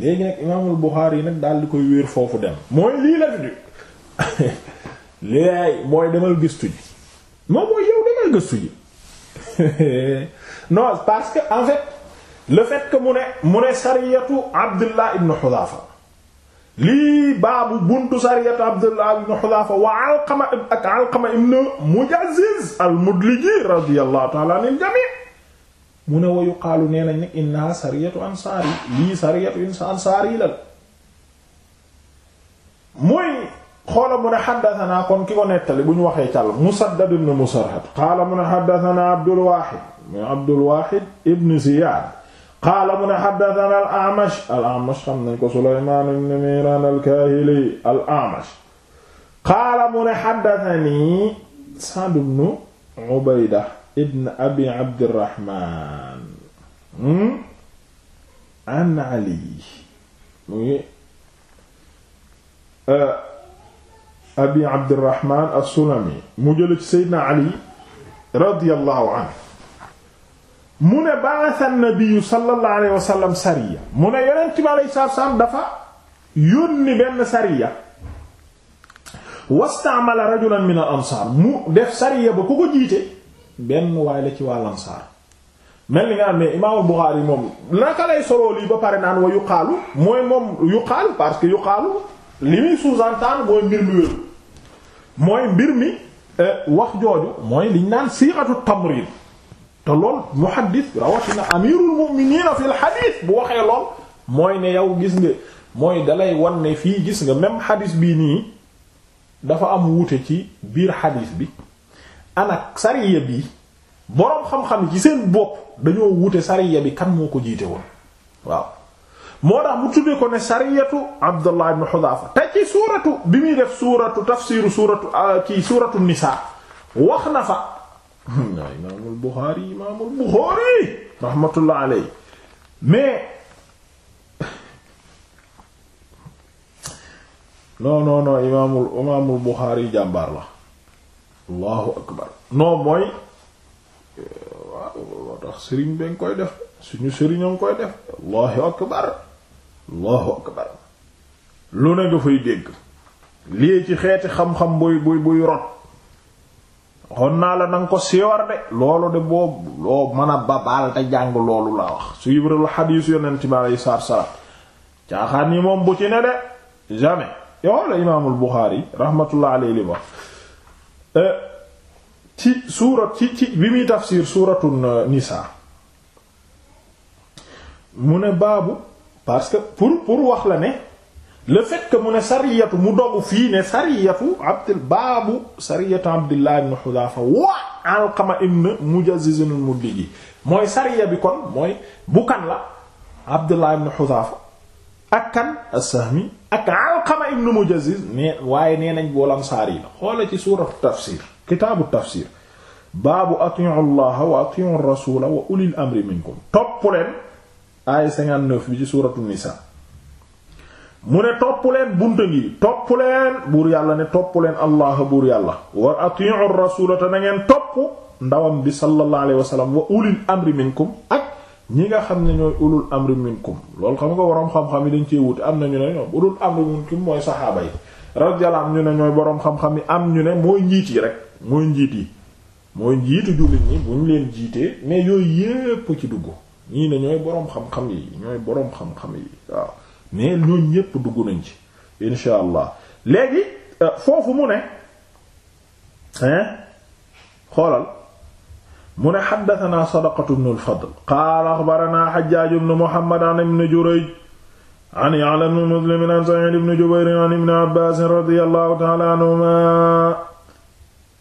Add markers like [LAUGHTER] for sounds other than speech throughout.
léegi nag imaamul Buxaari yi nag daal di koy wéer foofu dem mooy lii la di léegi mooy demal gëstu ji moom mooy yow demal gëstu ji non parce que en fait le fait mu ne mu ne sariyatu Abdullah ibn Hudhafa lii baabu buntu sariyatu Abdullah ibn Hudhafa wa Alqama ak Alqama ibn Mujazziz al-Mudliji radiyallahu ta'ala anil jami' mu ne wa yuqaalu nee nañ nag innaha sariyatu ansaar yi lii sariyatu ansaar yi la mooy xoola mu ne xaddatanaa kon ki ko nettali bu ñu waxee càll musaddad ibn musarhad qaala mu ne xaddatanaa abdul waaxid muy abdul waaxid ibn ziyaad qaala mu ne xaddatanaa al amash al amash xam nañ ko sulaymaan ibn miiraan al kaahili al amash qaala mu ne xaddatanii sa'd ibn ubayda ibn abi abdirahmaan an ali muy euh, abi abdirahman assulami mu jële ci seydna ali radiyallahu anhu mu ne ba'atha an-nabiyyu sallallahu alayhi wa sallam sariya mu ne yonent bi alayhi salaatu salaam dafa yónni benn sariya wastaamala rajulan min al ansaar mu def sariya ba ku ko jiite benn waay la ci waa ansaar mel ni nga xam imaamul Buxaari moom naka lay soloo lii ba pare naan wa yuqaalu mooy moom yuqaalu parce que yuqaalu li muy sous mooy mbir mi wéru mooy mbir mi euh, wax jooju mooy liñ naan siixatu tamrin te lool muhaddis rawatina amirul mu'minin fil hadith bu waxee lool mooy ne yow gis nga mooy dalay wan ne fii gis nga même hadith bii nii dafa am wuute ci biir hadith bi anak sariya bi boroom xam-xam ci seen bopp dañoo wute sariya bi kan moo ko jiite woon waaw moo tax mu ko ne sariyatu Abdullah ibn Hudhafa te ci suuratu bi muy def suuratu tafsiru suuratu ah, kii suuratu nisaa wax na fa imaamul Buxaari imaamul Buxaari rahmatullah [LAUGHS] allahu akbar non mooy waaw loo tax sëriñ ba nga koy def suñu sëriñ ngi koy def allahu akbar allahu akbar lu ne nga fay dégg lii ci xeeti xam-xam buy buy buy rot xon naa la nanga ko siwar de loolu de boobu loo mën a babaal te jàng loolu laa wax su yibril xadiis yonent bi aleyhi salaatu salaam caaxaan yi moom bu ci ne de jamais yow la imaamul Buxaari raxmatullah aleyhi li wax eh, ci suurat ci ci bi muy tafsir suuratun euh, Nisaa mu ne baabu parce que pour pour wax la ne le fekk mu ne sariyatu mu dogu fii ne sariyatu baabu sariyatu Abdullah ibn Hudhafa wa Alqama ibn Mujazziz al-Mudliji mooy sariya bi kon mooy bu kan la Abdullah ibn Hudhafa ak kan as-Sahmi ak Alqama ibn Mujazziz mais waaye nee nañ boolam saar yi la ci suuratu tafsir kitaabu tafsir baabu atiu allaha wa atiu rasula wa ulil amri minkum topp leen aaya 59 bi ci suuratu nisa mu ne topp leen bunta ngi topp leen buur yàlla ne topp leen allaha buur yàlla war atiu rasula te na ngeen topp ndawam bi sallallahu alayhi wa sallam wa ulil amri minkum ak ñi nga xam ne ñooy ulul amri minkum loolu xam nga boroom xam-xam yi dañ cee wuute am na ñu ne ñoom ulul amri minkum mooy saxaaba yi radiyallahu am ñu ne ñooy boroom xam-xam yi am ñu ne mooy njiit yi rek mooy njiit yi mooy njiitu jullit ñi bu ñu leen jiitee mais yooyu yépp ci dugg ñii ne ñooy boroom xam-xam yi ñooy boroom xam-xam yi waaw mais ñooñ ñépp dugg nañ ci insha léegi euh, foofu mu ne hein xoolal mu ne xaddatanaa sadaqatu bnu alfadl qaala axbaranaa xajjaaju bnu muhammad an ibnu bnu muslim an ibnu abbaas radiyallahu ta'ala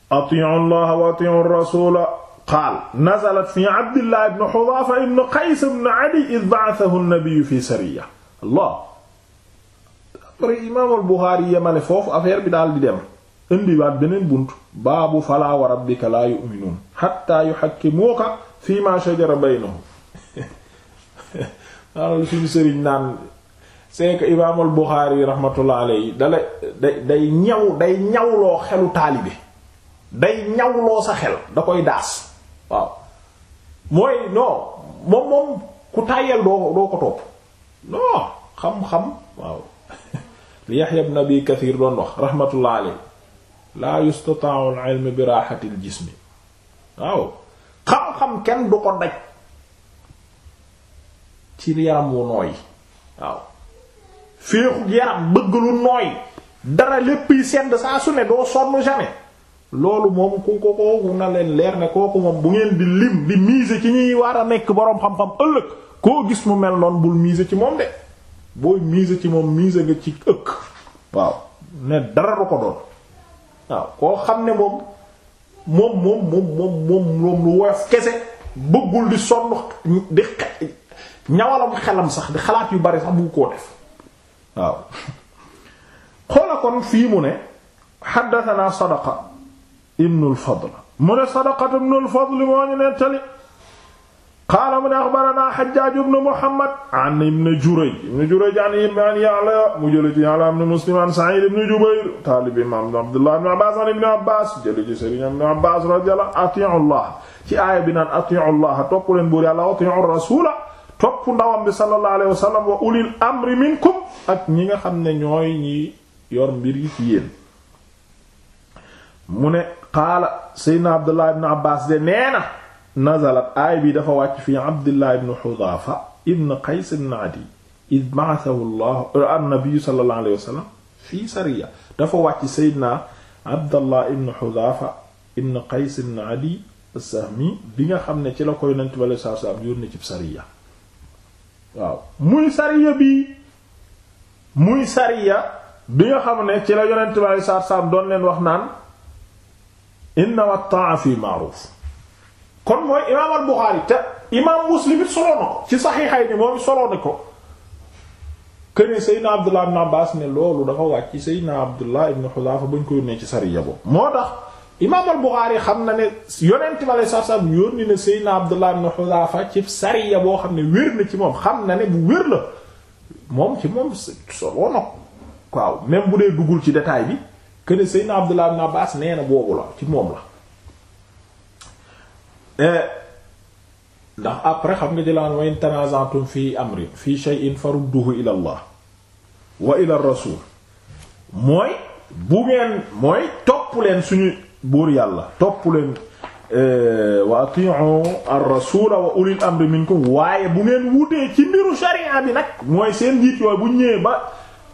atiu allah wa atiu rasula qaal nazalat fi abdillah ibn hudhafa ibn qays ibn adi id ba'athahu an-nabiy fi sariya allah après imaam al-Buxaari yemale foofu affaire bi daal di dem indiwaat beneen bunt baabu falaa wa rabbika laa yu'minuun hattaa yuhakkimuuka fii maa shajara baynahum daanaka [LAUGHS] suñu sëriñ naan c'est que imaam al-Buxaari rahmatullah alayhi dala day day ñaw day ñawloo xelu taalibe day ñawloo sa xel da koy daas waaw mooy non moom moom ku tàyyel doo doo ko topp non xam-xam waaw [LAUGHS] li Yahya ibn Kathir doon wax rahmatullah alayhi la yustata'u al-ilm bi rahati al-jism waaw xam-xam kenn du ko daj ci yaram wu nooy waaw féexu yaram bëgg lu nooy dara lépp yi send saa su ne doo sonn jamais loolu moom ku ko kooku na leen leer ne kooku moom bu ngeen di lim di miise ci ñuy war a nekk boroom xam-xam ëllëg koo gis mu mel noonu bul miser ci moom de booy miser ci moom miser nga ci ëkk waaw ne dara du ko doon waaw koo xam ne moom moom moom moom moom moom lu woyof kese bëggul di sonn di ñawalam xelam sax di xalaat yu bari sax bu ko def waaw [LAUGHS] xoola kon fii mu ne xaddatanaa sadaqa ibnu al-Fadl mu ne sadaqatu ibnu al-Fadl moo ñu nettali qaala mu ne axbaranaa Hajjaaj ibnu Muhammad an ibnu Jurayj ibnu Jurayj an Ya'la mu jële ci Ya'la ibnu Muslim an Sa'iid ibnu Jubayr taalib imaam Abdullah ibnu Abbaas an ibnu Abbaas jële ci Sëriñ ibnu Abbaas radiyallahu atii'u llaah ci aaya bi naan atii'u llaah topp leen buur Yàlla atii'u rasuula topp ndawam bi sallallahu alayhi wa sallam wa ulil amri minkum ak ñi nga xam ne ñooy ñi yor mbir yi ci yéen mu ne qaala seydna abdullah ibn abbas de nee na nazalat aay bi dafa wàcc fi abdullah ibn xudaafa ibn qays ibn adi id ba'athahu llah annabiyu sallallahu alayhi wa fii sariya dafa wàcc seydna abdullah ibn xudaafa ibn qays ibn adi as bi nga xam ne ci la koy yonent bi sallallahu sariya muy sariya bi muy sariya bi nga xam ne ci la yonent bi sallallahu alayhi doon leen wax naan innama taa fi ma'ruf kon mooy imaam al te imaam Muslim it solo na ko ci saxiixayni moom solo na ko këne Seydina Abdullah ibn Abbaas ne loolu dafa wàcc Seydina Abdullah ibn Xudaafa bañ ko yónnee ci sariya boobu moo tax imaam al Buxaari xam na ne yonent bi alayhi salaam yónni ne Seydina Abdullah ibn boo xam ne wér na ci moom xam na ne bu wér la moom ci moom solo na waaw même bu dee duggul ci détail bi këne Seydina Abdullah ibn Abbas nee na boobu la ci moom la eh, ndax après xam nga jëlaan wa in tanaza'tum fi amrin fi shay'in farudduhu ila Allah wa ila rasul mooy bu ngeen mooy topp leen suñu buur yàlla topp leen eh, waaye bu ngeen wutee ci mbiru sharia bi nag mooy seen njiit yooyu bu ñëwee ba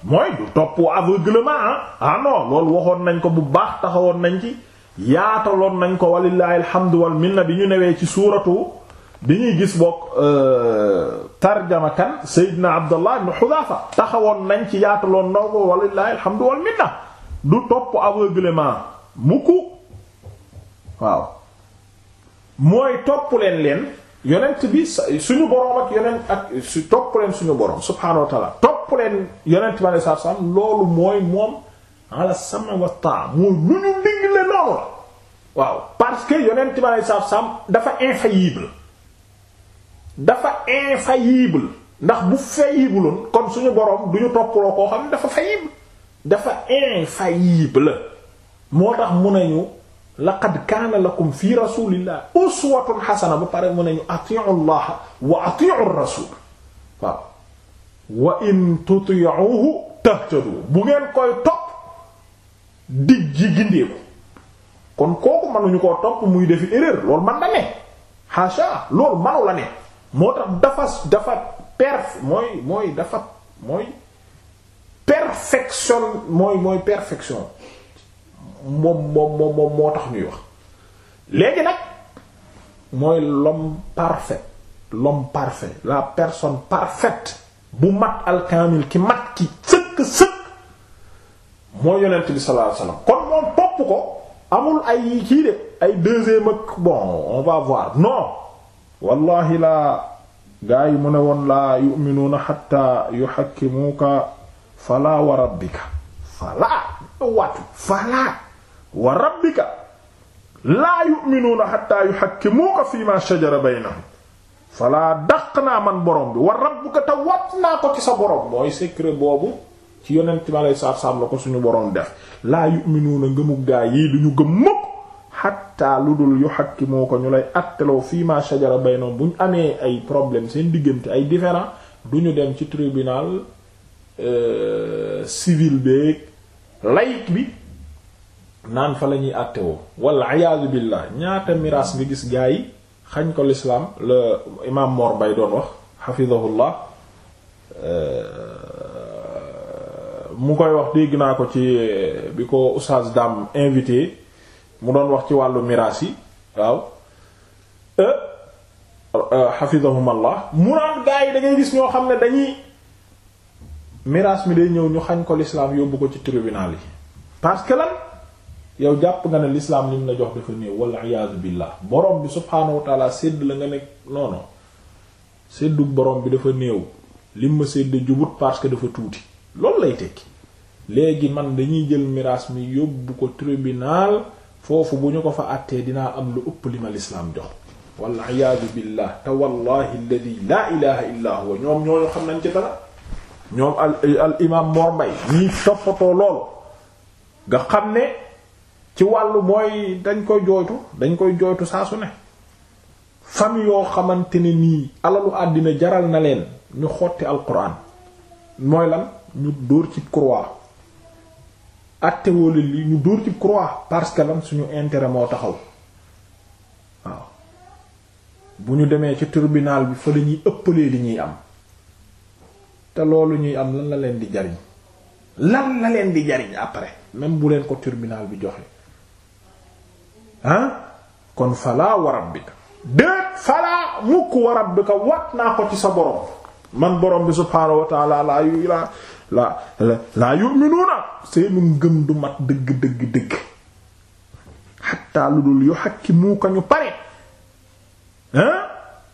mooy du topp aveuglement ah ah non loolu waxoon nañ ko bu baax taxawoon nañ ci yaataloon nañ ko walillahi alhamdu wal minna bi ñu newee ci suuratu bi ñuy gis bokk euh, tarjama kan Seydina Abdallah ibn Hudhafa taxawoon nañ ci yaataloon na ko walillahi alhamdu wal minna du topp aveuglement mukku waaw mooy topp leen leen. yonent bi suñu boroom ak yonent ak su topp leen suñu boroom subhaanahu wa ta'ala topp leen yonent bi alayhi salaatu wa loolu mooy moom ala sam'i wa ta'a mooy lu ñu digle noonu la waaw parce que yonent bi alayhi salaatu wa dafa infaillible dafa infaillible ndax bu faillible kon suñu boroom du ñu topploo koo xam ne dafa faillible dafa infaillible moo tax mun nañu laqad kaana lakum fi rasulillah uswatun xasana ba pare mu ne ñu atiu llaha wa atiu rasul waaw wa in tutiuhu tahtadu bu ngeen koy topp dig ji gindeeku kon kooku mënuñu koo topp muy def erreur loolu man da ne haasha loolu manu la moo tax dafa dafa perf mooy mooy dafa mooy perfection mooy mooy perfection moom moom moom moom moo tax ñuy wax léegi nag mooy l'homme parfait l'homme parfait la personne parfaite bu mat alkaamil ki mat ki sëkk sëkk mooy yonent bi sallallahu alayhi wasallam kon moom topp ko amul ay kii de ay deuxième ak bon on va voir non wallahi la gaa mu ne woon laa yu'minuuna hatta yuhakkimuuka falaa wa rabbika falaa waatu falaa wa rabbika laa yu'minuuna hattaa yuhakkimuuka fiimaa shajara baynahum falaa daq naa man borom bi wa rabbuka te wat naa ko ci sa borom mooy secret boobu ci yonent ma lay saab-saab la ko suñu borom def laa yu'minuuna ngëmu gaa yi duñu gëm mukk xattaa lu dul ko ñu lay atteloo fiimaa shajara baynahum bu ñu amee ay problème seen diggante ay différend duñu dem ci tribunal euh, civil beeg laïc bi naan fa la ñuy àtte woo walla iyaazu billah ñaata miraas nga gis gaa yi xañ ko lislaam la imaam Mor Bay doon wax xafidahullah euh, mu koy wax dégg naa ko ci bi ko oustaz Dame invité mu doon wax ci wàllu miraas yi waaw euh, euh, xafidahumallah mu naan gaa yi da gis ñoo xam ne dañuy miraas mi day ñëw ñu xañ ko lislaam yóbbu ko ci tribunal yi parce que lan yow jàpp nga ne l'islam lim la jox dafa néew wala iyaazu billah borom bi subhaanahu wa taala sédd la nga ne non non borom bi dafa néew lim ma sédd jubut parce que dafa tuuti loolu lay tekki léegi man dañuy jël miraas mi yóbbu ko tribunal foofu bu ñu ko fa àttee dinaa am lu ëpp li ma l'islam jox wala iyaazu billah te wallahi alladi laa ilaha huwa ñoom ñooñu xam nañ ci dara ñoom al al imam Mor Mbaye ñiy toppatoo loolu nga xam ne ci wàllu mooy dañ koy jooytu dañ koy jooytu saa su ne famille yoo xamante ne nii alalu àddina jaral na leen ñu xotti alquran mooy lan ñu dóor ci croix atte wala li ñu dóor ci croix parce que lan suñu intérêt moo taxaw waaw bu ñu demee ci tribunal bi fa lañuy ëppalee li ñuy am te loolu ñuy am lan la leen di jariñ lan la leen di jariñ après même bu leen ko tribunal bi joxe kon falaa wa rabbika déet falaa mukk wa rabbika wat naa ko ci sa borom man borom bi subhaanahu wa taala laa yu laa laa laa yu'minuuna yu xakki ñu pare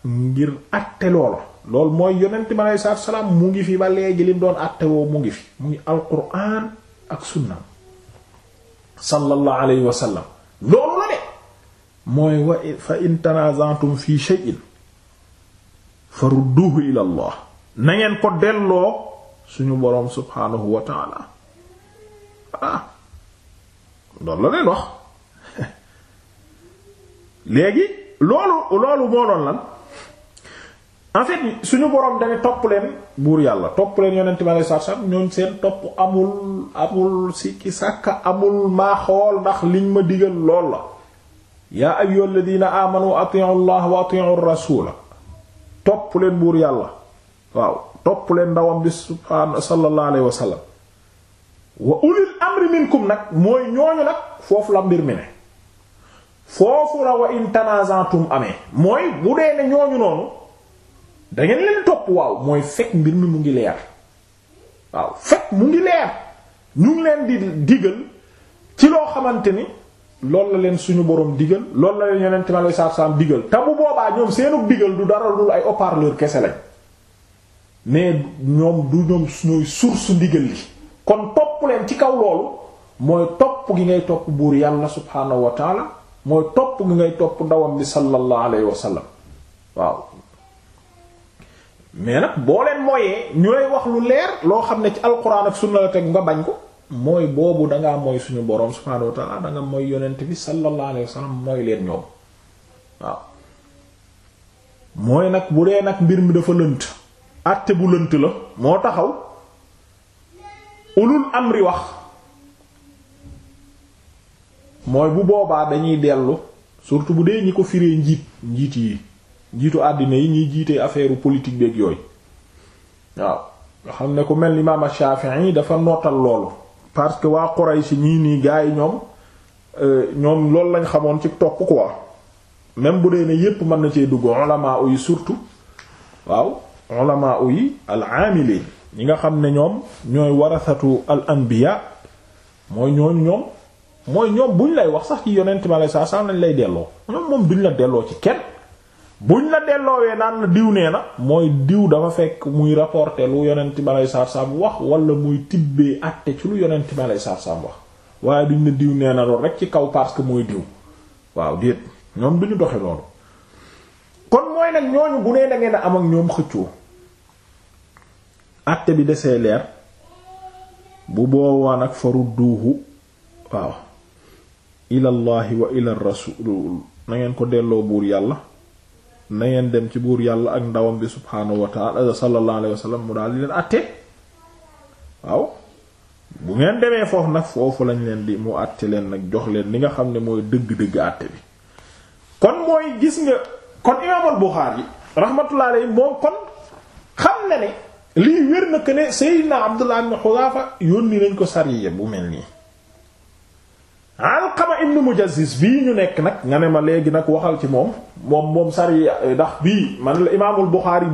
ngir àtte loola loolu mooy yonent bi aleyhi salaatu salaam mu ngi fi ba léegi lim doon àtte woo mu ngi fi mu ngi alquraan ak sunna sallallahu alayhi wa loolu mooy wa fa in tanaza'tum fi shay'in farudduhu ila allah na ngeen ko delloo suñu boroom subhaanahu wa ta'ala ah doon la leen wax [LAUGHS] léegi loolu loolu moo doon lan en fait suñu boroom dañu topp leen buur yàlla topp leen yonent ma lay sarsam ñoom seen topp amul amul sikki sàkk amul maa ndax liñ ma digal lool la yaa ayyuha alladina amanu atiu llah wa atiu rasula topp leen buur yàlla waaw topp leen ndawam bi subhaana sallallahu alayhi wa sallam wa ulil amri minkum nag mooy ñooñu nag foofu la mbir mi ne foofu la wa in tanazantum amee mooy bu dee ne ñooñu noonu da leen topp waaw mooy fekk mbir mi mu ngi leer waaw fekk mu ngi leer ñu ngi leen di digal ci loo xamante ni loolu la leen suñu boroom digal lool la leen yonent ma lay saabsaab digal te bu boobaa ñoom seenu digal du dara dul ay haut kese lañ mais ñoom du ñoom suñuy source ndigal li kon topp leen ci kaw loolu mooy topp gi ngay topp buur yàlla subhaanahu wa taala mooy topp gi ngay topp ndawam bi sallallahu alayhi wa sallam waaw mais nag boo leen mooyee ñu lay wax lu leer loo xam ne ci alquran ak sunna la teg nga bañ ko. mooy boobu dangaa mooy suñu boroom subhaanahu wa danga mooy yonent bi sallallahu alayhi wa sallam mooy leen ñoom waaw mooy nag bu dee nag mbir mi dafa lënt àtte bu lënt la moo taxaw ulul amri wax mooy bu boobaa dañuy dellu surtout bu dee ñi ko firee njiit njiit yi njiitu àddina yi ñuy jiite affaire politique beeg yooyu waaw nga xam ne ku mel ni imaam Shafi'i dafa nootal loolu parce que waa Quraysh ñii nii gars yi ñoom euh, ñoom loolu lañ xamoon ci topp quoi même bu dee ne yépp mën na cee dugg ulama yi surtout waaw ulama yi al amilin ñi nga xam ne ñoom ñooy warasatu al anbiya mooy ñooñu ñoom mooy ñoom ñu lay wax sax ci yonent ma lay saa saa lañ lay delloo ñoom moom duñ la delloo ci kenn buñ la delloowee naan na diw nee na mooy diw dama fekk muy rapporter lu yonent bi aleyhi salaatu salaam wax walla muy tibbee àtte ci lu yonent bi aleyhi salaatu salaam wax waaye duñ la diw nee na lool rek ci kaw parce que mooy diw waaw déet ñoom duñu doxe loolu kon mooy nag ñooñu bu nee da ngeen am ak ñoom xëccoo àtte bi desee leer bu boobaa nag farudduhu waaw ilallahi wa ilar rasul ko delloo buur yàlla na ngeen dem ci buur yàlla ak ndawam bi subhaanahu wa ta'ala euh, sallallahu alayhi wa sallam mu daal di leen àtte waaw bu ngeen demee foofu nag foofu lañ leen di mu àtte leen nag jox leen li nga xam ne mooy dëgg-dëgg àtte bi kon mooy gis nga kon imaamul Buxaari rahmatullahi alayhi moom kon xam na ne lii wér na que ne Seydina Abdullah ibn Xudaafa yónni nañ ko sariya bu mel nii ibn Mujaziz bii ñu nekk nag nga ne ma léegi nag waxal ci moom moom moom sari eh, ndax bii man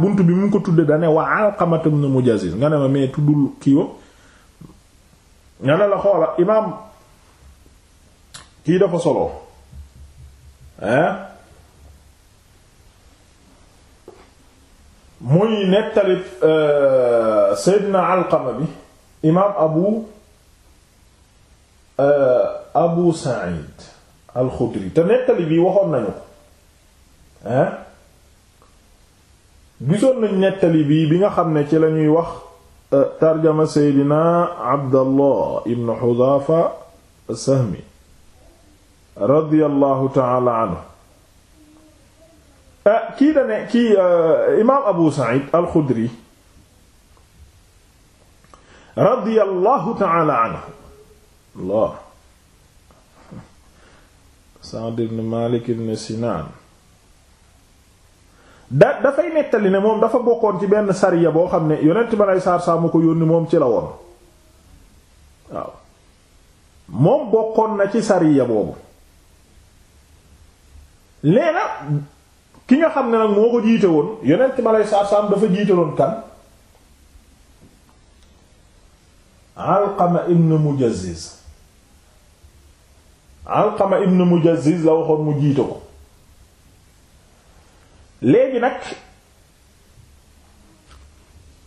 bunt bi mu ko tudde dane wa Alqama ibn Mujaziz nga ne ma la xoola imaam kii dafa na hein eh, Alqama bi imaam Abu eh, abu sa'id alxudri te nettali bii waxoon nañu ko hein gisoon bi nga xam ne ci lañuy wax euh, tarjama seydina abdallah ibn xudaafa sahmi radiyallahu taala anhu euh, kii kii euh, imaam abu sa'id alxudri radiyallahu taala anhu Sa'd ibn Malik si Sinan da dafay nettali ne moom dafa bokkoon ci benn sariya boo xam ne yonent ba nay saar saa mu ko yónni moom ci la woon waaw moom bokkoon na ci sariya boobu nee ki nga xam ne nag moo ko jiite woon yonent ba nay saar saa dafa jiite woon kan Alqama ibn Mujazziz Alqama ibn Mujazziz la waxoon mu jiite ko léegi nag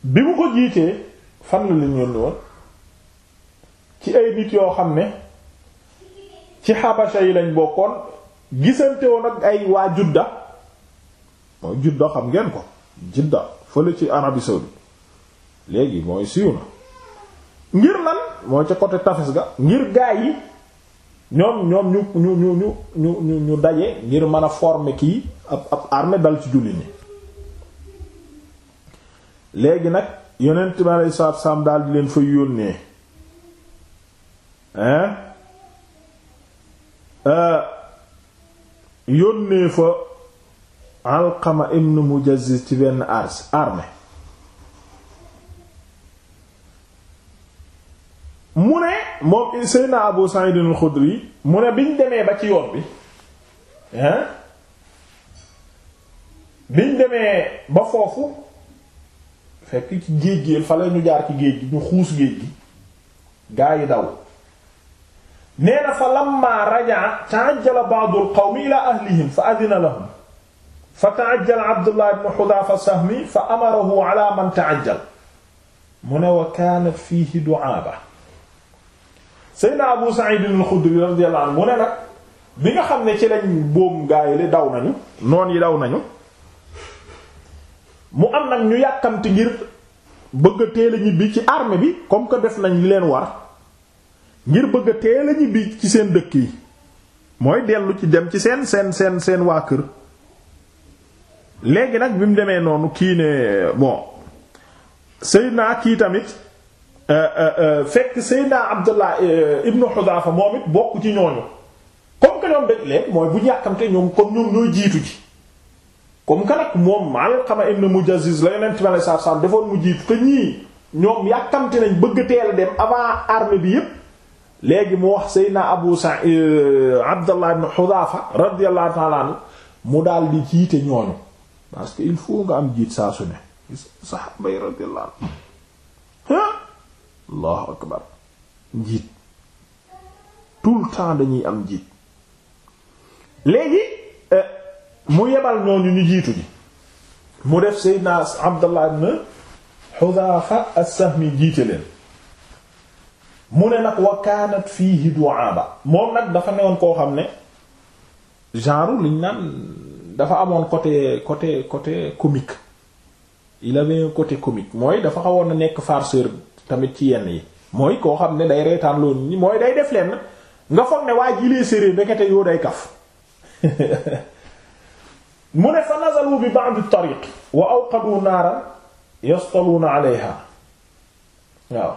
bi mu ko jiitee fan la leen yónni woon ci ay nit yoo xam ne ci xabasa yi lañ bokkoon gisante woon ak ay waa Judda mooy Judda xam ngeen ko Judda fële ci Arabie saoudite léegi mooy siiw na ngir lan mooy ca côté tafes ga ngir gaay yi ñoom ñoom ñu ñu ñu ñu ñu ñu ñu daje ngir mën a forme kii ab ab armée dal ci julli ni léegi nag yonent bi aleyhi salaatu salaam daal di leen fa yónnee hein euh, yónnee fa Alqama ibn Mujazziz ci benn ars armée mu ne moom Seydina Abu Sa'id al mu ne biñ demee ba ci yoon bi hein biñ demee ba foofu fekk ci géej gi fa la ñu jaar ci géej gi ñu xuus géej gi gaa yi daw nee na fa lamma rajaa ta'ajjala ba'du al-qawmi ila ahlihim fa adina lahum fa ta'ajjala Abdullah ibn Hudhafa sahmi fa amarahu ala man ta'ajjal mu ne wa kaanat fiihi du'aaba Seydina Abu Sa'id al-Khudri radiyallahu anhu mu bi xam ne ci lañ boom gaay daw nañu noon yi daw nañu mu am nag ñu yàkkamti ngir bëgg a ñibbi ci armée bi comme que def nañ li leen war ngir bëgg a teel a ñibbi ci seen dëkk yi mooy dellu ci dem ci seen seen seen seen waa kër léegi nag bi mu demee noonu kii ne bon Seydina kii tamit Euh, euh, euh, fekk Seydina Abdullah ibnu Hudhafa moom it bokk ci ñooñu comme que ñoom dañ leen mooy bu ñu yàkkamte ñoom comme ñoom ñooy jiitu ji comme que nag moom Alqama ibnu Mujazziz la Yonent bi sallallahu alayhi wasallam defoon mu jiitu te ñii ñoom yàkkamte bëgg teel a avant armée bi yépp léegi mu wax Seydina Abu Sa'id Abdullah ibnu Hudhafa radiyallahu ta'ala anhu mu daal di jiite ñooñu que il faut nga saa su ne saxaaba yi radiyallahu anhu allahu akbar njiit tout le temps dañuy am njiit léegi euh, mu yebal ñooñu ñu jiitu ji mu def Seydina Abdallah ibn Hudhafa as-Sahmi jiite leen mu ne nag wa kaanat fiihi du'aba moom nag dafa newoon koo xam ne genre luñ naan dafa amoon côté côté côté comique il avait un côté comique mooy dafa xawoon a nekk bi tamit ci yenn yi mooy koo xam ne day reetaan loolu ñi mooy day def leen nga foog ne waa jilee séeréer ndekete yoo day kaf [LAUGHS] mu ne fa nazalu bi ba'd at-tariq wa awqadu naaran yastaluna alayha waaw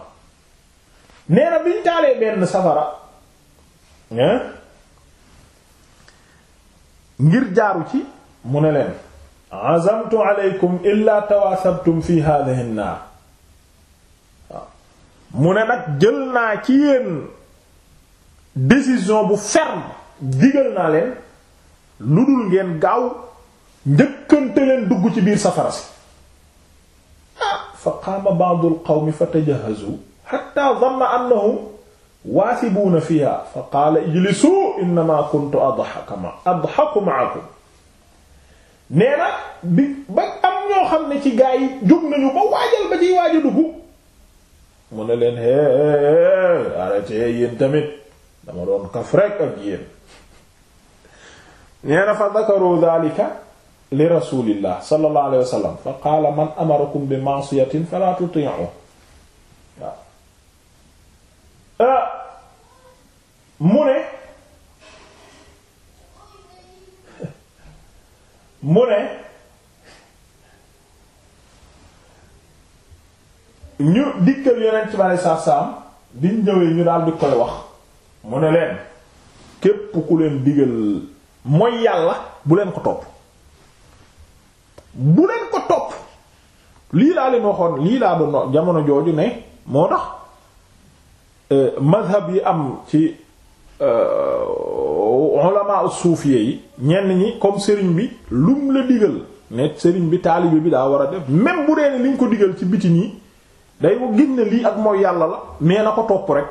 nee biñ taalee benn safara ngir jaaru ci mu ne leen azamtu alaykum illa tawaasabtum fi hadhihi naar mu ne nag jël naa ci yéen décision bu ferme digal naa leen lu dul ngeen gaaw njëkkante leen dugg ci biir safara si ah, fa qaama ba'du al-qawmi fatajahazu hatta dhanna annahum waasibuuna fiha fa qaala ijlisuu innama kuntu adhaku ma adhaku ma'akum nee na bi ba am ñoo xam ne ci gaa yi jóg nañu ba waajal ba ciy waaj a mu ne leen hee arrêté yéen tamit dama doon kaf rek ak yéen neena fa dakaru dhalika li rasulillah sallallahu alayhi wa sallam fa qaala man amarakum bi ma'siyatin fala tuti'u waaw ah, mu ne [LAUGHS] mu ne ñu dikkal yonent bi alei saatu salaam biñ ñëwee ñu daal di koy wax mu ne leen képp ku leen digal mooy yàlla bu leen ko topp bu leen ko topp lii laa leen waxoon lii laa doon jamono jooju ne moo tax euh, mazhab yi am ci suuf euh, suufiye yi ñenn ñi comme sëriñ bi lum la digal ne sëriñ bi taalibe bi daa war a def même bu dee ne liñ ko digal ci biti nii day gis ne lii ak mooy yàlla la mais na ko topp rek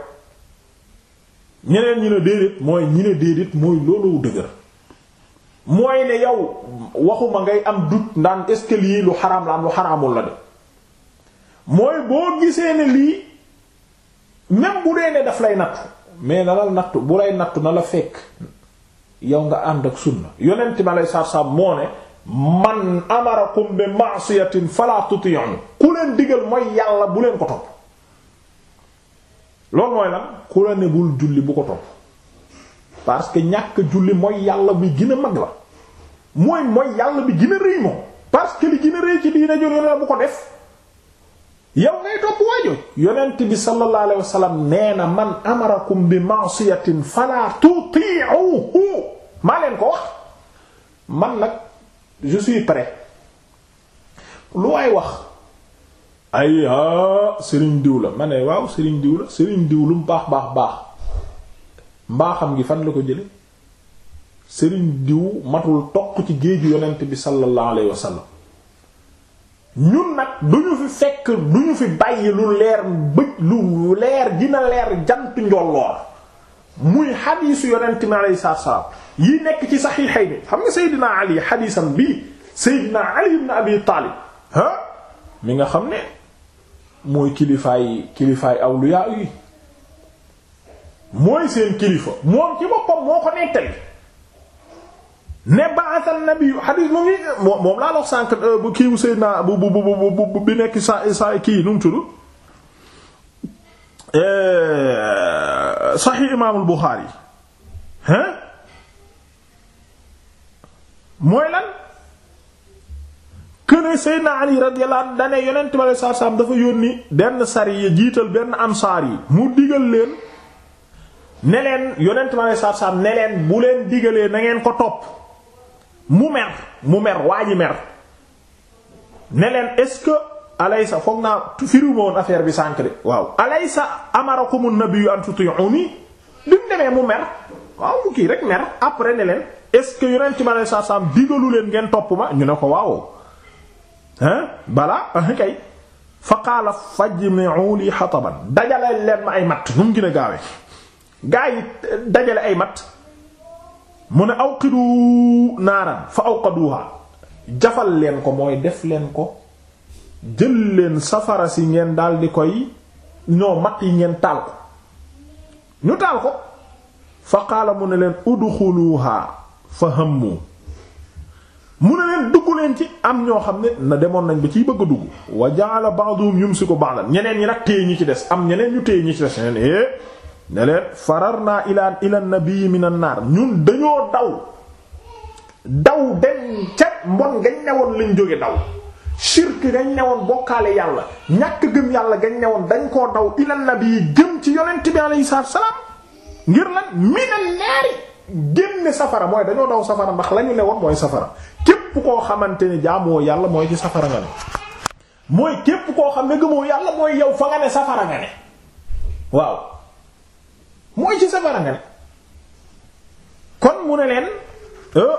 ñeneen ñi ne déedéet mooy ñi ne déedéet mooy loolu dëgër mooy ne yow waxuma ngay am doute ndaan est-ce que lu xaraam la am lu xaraamul la de mooy boo gisee ne lii même bu dee ne daf lay nattu mais na la nattu bu lay nattu na la fekk yow nga ànd ak sunna yonent ma lay sarsam moo ne man amarakum bi ma'siyatin fala tuti'u ku leen que ñàkk julli mooy yàlla bi gën a mag ko def yow maa leen ko wax man nag je suis lu ay wax ay a ah, sëriñ diw la ma waaw sëriñ diw la sëriñ diw lu mu baax baax baax mbaaxam gi fan la ko jële sëriñ diw matul toq ci géeju yonent bi sallallahu alayhi wa ñun nag du ñu fi fekk du fi bàyyi lu leer bëj lu leer dina leer jant njolloor muy xadiisu yonent bi alayhi salaam yi nekk ci saxiixay ni xam nga Ali xadiisam bii Seydina Ali ibn Abi Taalib ah mi nga xam ne mooy kilifaay kilifaay awliya yi mooy seen kilifa moom ci boppam moo ko nettali ne ba'atha an-nabiyyu moom laa wax sànq euh, bu kiiwu Seydina bi nekk sa sa kii nu euh, saxiix Imaamul Buxaari hein mooy lan këne Seydina Ali radiyallahu anhu dane yonent bi alei satu salaam dafa yónni benn sariya jiital benn ansaar yi mu digal leen ne leen yonent bi alei satu salaam ne bu leen digalee na ko topp mu mer mu mer waa ji mer ne leen ce que alaysa foog naa firiwuma woon affaire bi sànq waaw alaysa amarakumun nabiyyu an tuti'uni mu kii rek mer après ne leen est-ce que ci bi aleyhi salaatu digalu leen ngeen topp ma ñu ne ko waaw hein balaa kay fa qaala fajmi'u li xataban dajale leen ma ay matt nu mu gën gaawee gaa yi dajale ay matt mu ne awqidu naaran fa awqaduha jafal leen ko mooy def leen ko jël leen safara si ngeen daal di koy ñoo mat yi ngeen taal ko ñu taal ko fa qaala mu ne leen udxuluha fa hammu mu ne leen dugg leen ci am ñoo xam ne na demoon nañ ba ciy bëgg a dugg wa ja'ala ba'dhum yumsiku ba'dan ñeneen ñi nag téye ñi ci des am ñeneen ñu téye ñi ci des ñeneen eh ne leen farar naa ila ila nabii minan naar ñun dañoo daw daw dem ca mbon ngañ newoon lañ jóge daw shirk gañ newoon bokkaale yàlla ñàkk gëm yàlla gañ newoon dañ koo daw ila nabii gëm ci yonent bi alayhi salaam ngir lan minan génne safara mooy dañoo daw safara ndax la ñu ne woon mooy safara képp koo xamante ne jaamoo yàlla mooy ci safara nga ne mooy képp koo xam ne gëmoo yàlla mooy yow fa nga waaw mooy ci safara nga ne kon mu ne leen eh,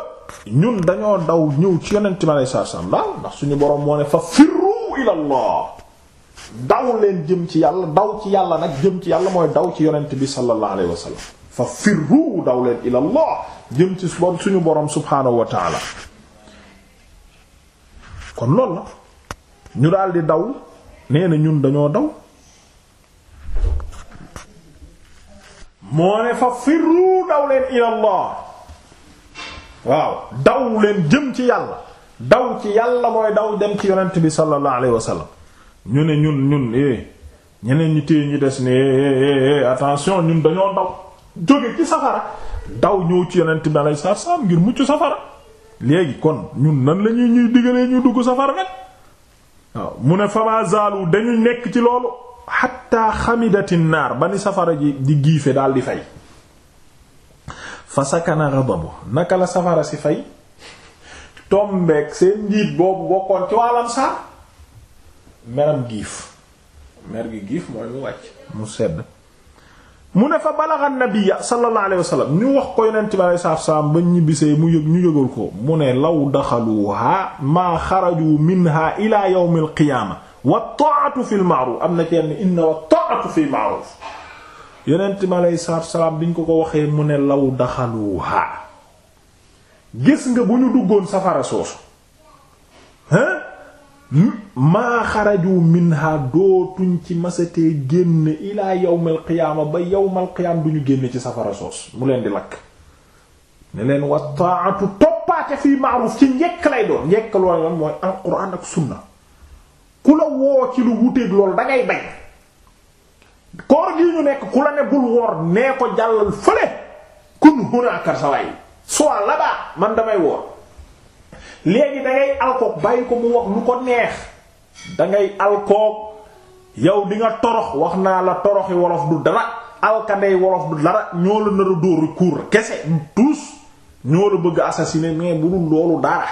ñun dañoo daw ñëw ci yonent mi alei satu salam ndax suñu borom moo ne fa firru ila daw leen jëm ci yàlla daw ci yàlla nag jëm ci yàlla mooy daw ci yonent bi sallallahu alayhi wasallam fa firru daw leen ila jëm ci suñu borom subhaanahu wa taala kon loolu la ñu daldi daw nee na ñun dañoo daw moo ne fa firru daw leen ila waaw daw leen jëm ci yàlla daw ci yàlla mooy daw dem ci yonent bi sallallahu alayhi wa ñu ne ñun ñun eh, ñeneen ñi téye ñu des ne eh, eh, attention ñun dañoo daw jóge ci safara daw ñu ci yonent bi alayhi salaatu salaam ngir mucc safara léegi kon ñu nan lañuy ñuy ñuy digalee ñu dugg safara nag waaw mu ne fama zaalu dañu nekk ci loolu xatta xamidati naar ba ni safara ji di giife daal di fay fa sakana ghadabu naka la safara si fay tombeek seen njiit boobu bokkoon ci wàllam sax meram giif mer gi giif mooy mu wàcc mu sedd mu ne fa balagha nabiyya sallallahu alayhi ñu wax ko yonent bi alayhi salaam ba ñibbisee mu yëg ñu yëgal ko mu ne law daxaluha maa xaraju minha ila yawm al-qiyaama wa ta'atu fil ma'ruf am na kenn inna wa ta'atu fil ma'ruf yonent bi alayhi salaam biñ ko ko waxee mu ne law daxaluha gis nga bu ñu duggoon safara soosu hein maa xaraju minha dootuñ ci masatee génn ilaa yawmal qiyaama ba yawmal qiyaama duñu génn ci safara soos mu leen di lakk ne leen wa taatu toppaate fii ma'ruf ci njekk lay doon njekk loolu lan mooy alquran ak sunna ku la woo ci lu wuteeg loolu da bañ koor gi ñu nekk ku la ne bul woor nee ko jàllal fële kun hunakar sa soit là man damay woor léegi da ngay alkook bàyyi ko mu wax lu ko neex da ngay yow di nga torox wax naa la toroxi wolof du dara alkandey wolof du dara ñoo la nar a dóor kuur kese tous ñoo la bëgg assassiner mais bu dul loolu dara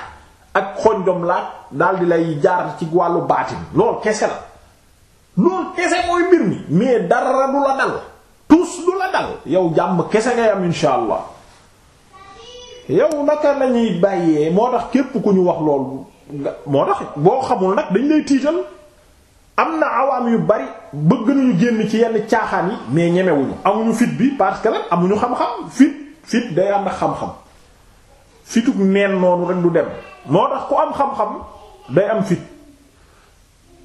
ak xonjom laaj daal di lay jaar ci wàllu baatin loolu kese la loolu kese mooy mbir mi mais dara du la dal tous du la dal yow jàmm kese ngay am insha yow naka lañuy bàyyee moo tax képp ku ñu wax loolu moo tax boo xamul nag dañ lay tiital am na awaam yu bari bëgg nañu génn ci yenn caaxaan yi mais ñemewuñu amuñu fit bi parce que nag amuñu xam-xam fit fit day ànd ak xam-xam fituk neen noonu rek du dem moo tax ku am xam-xam day am fit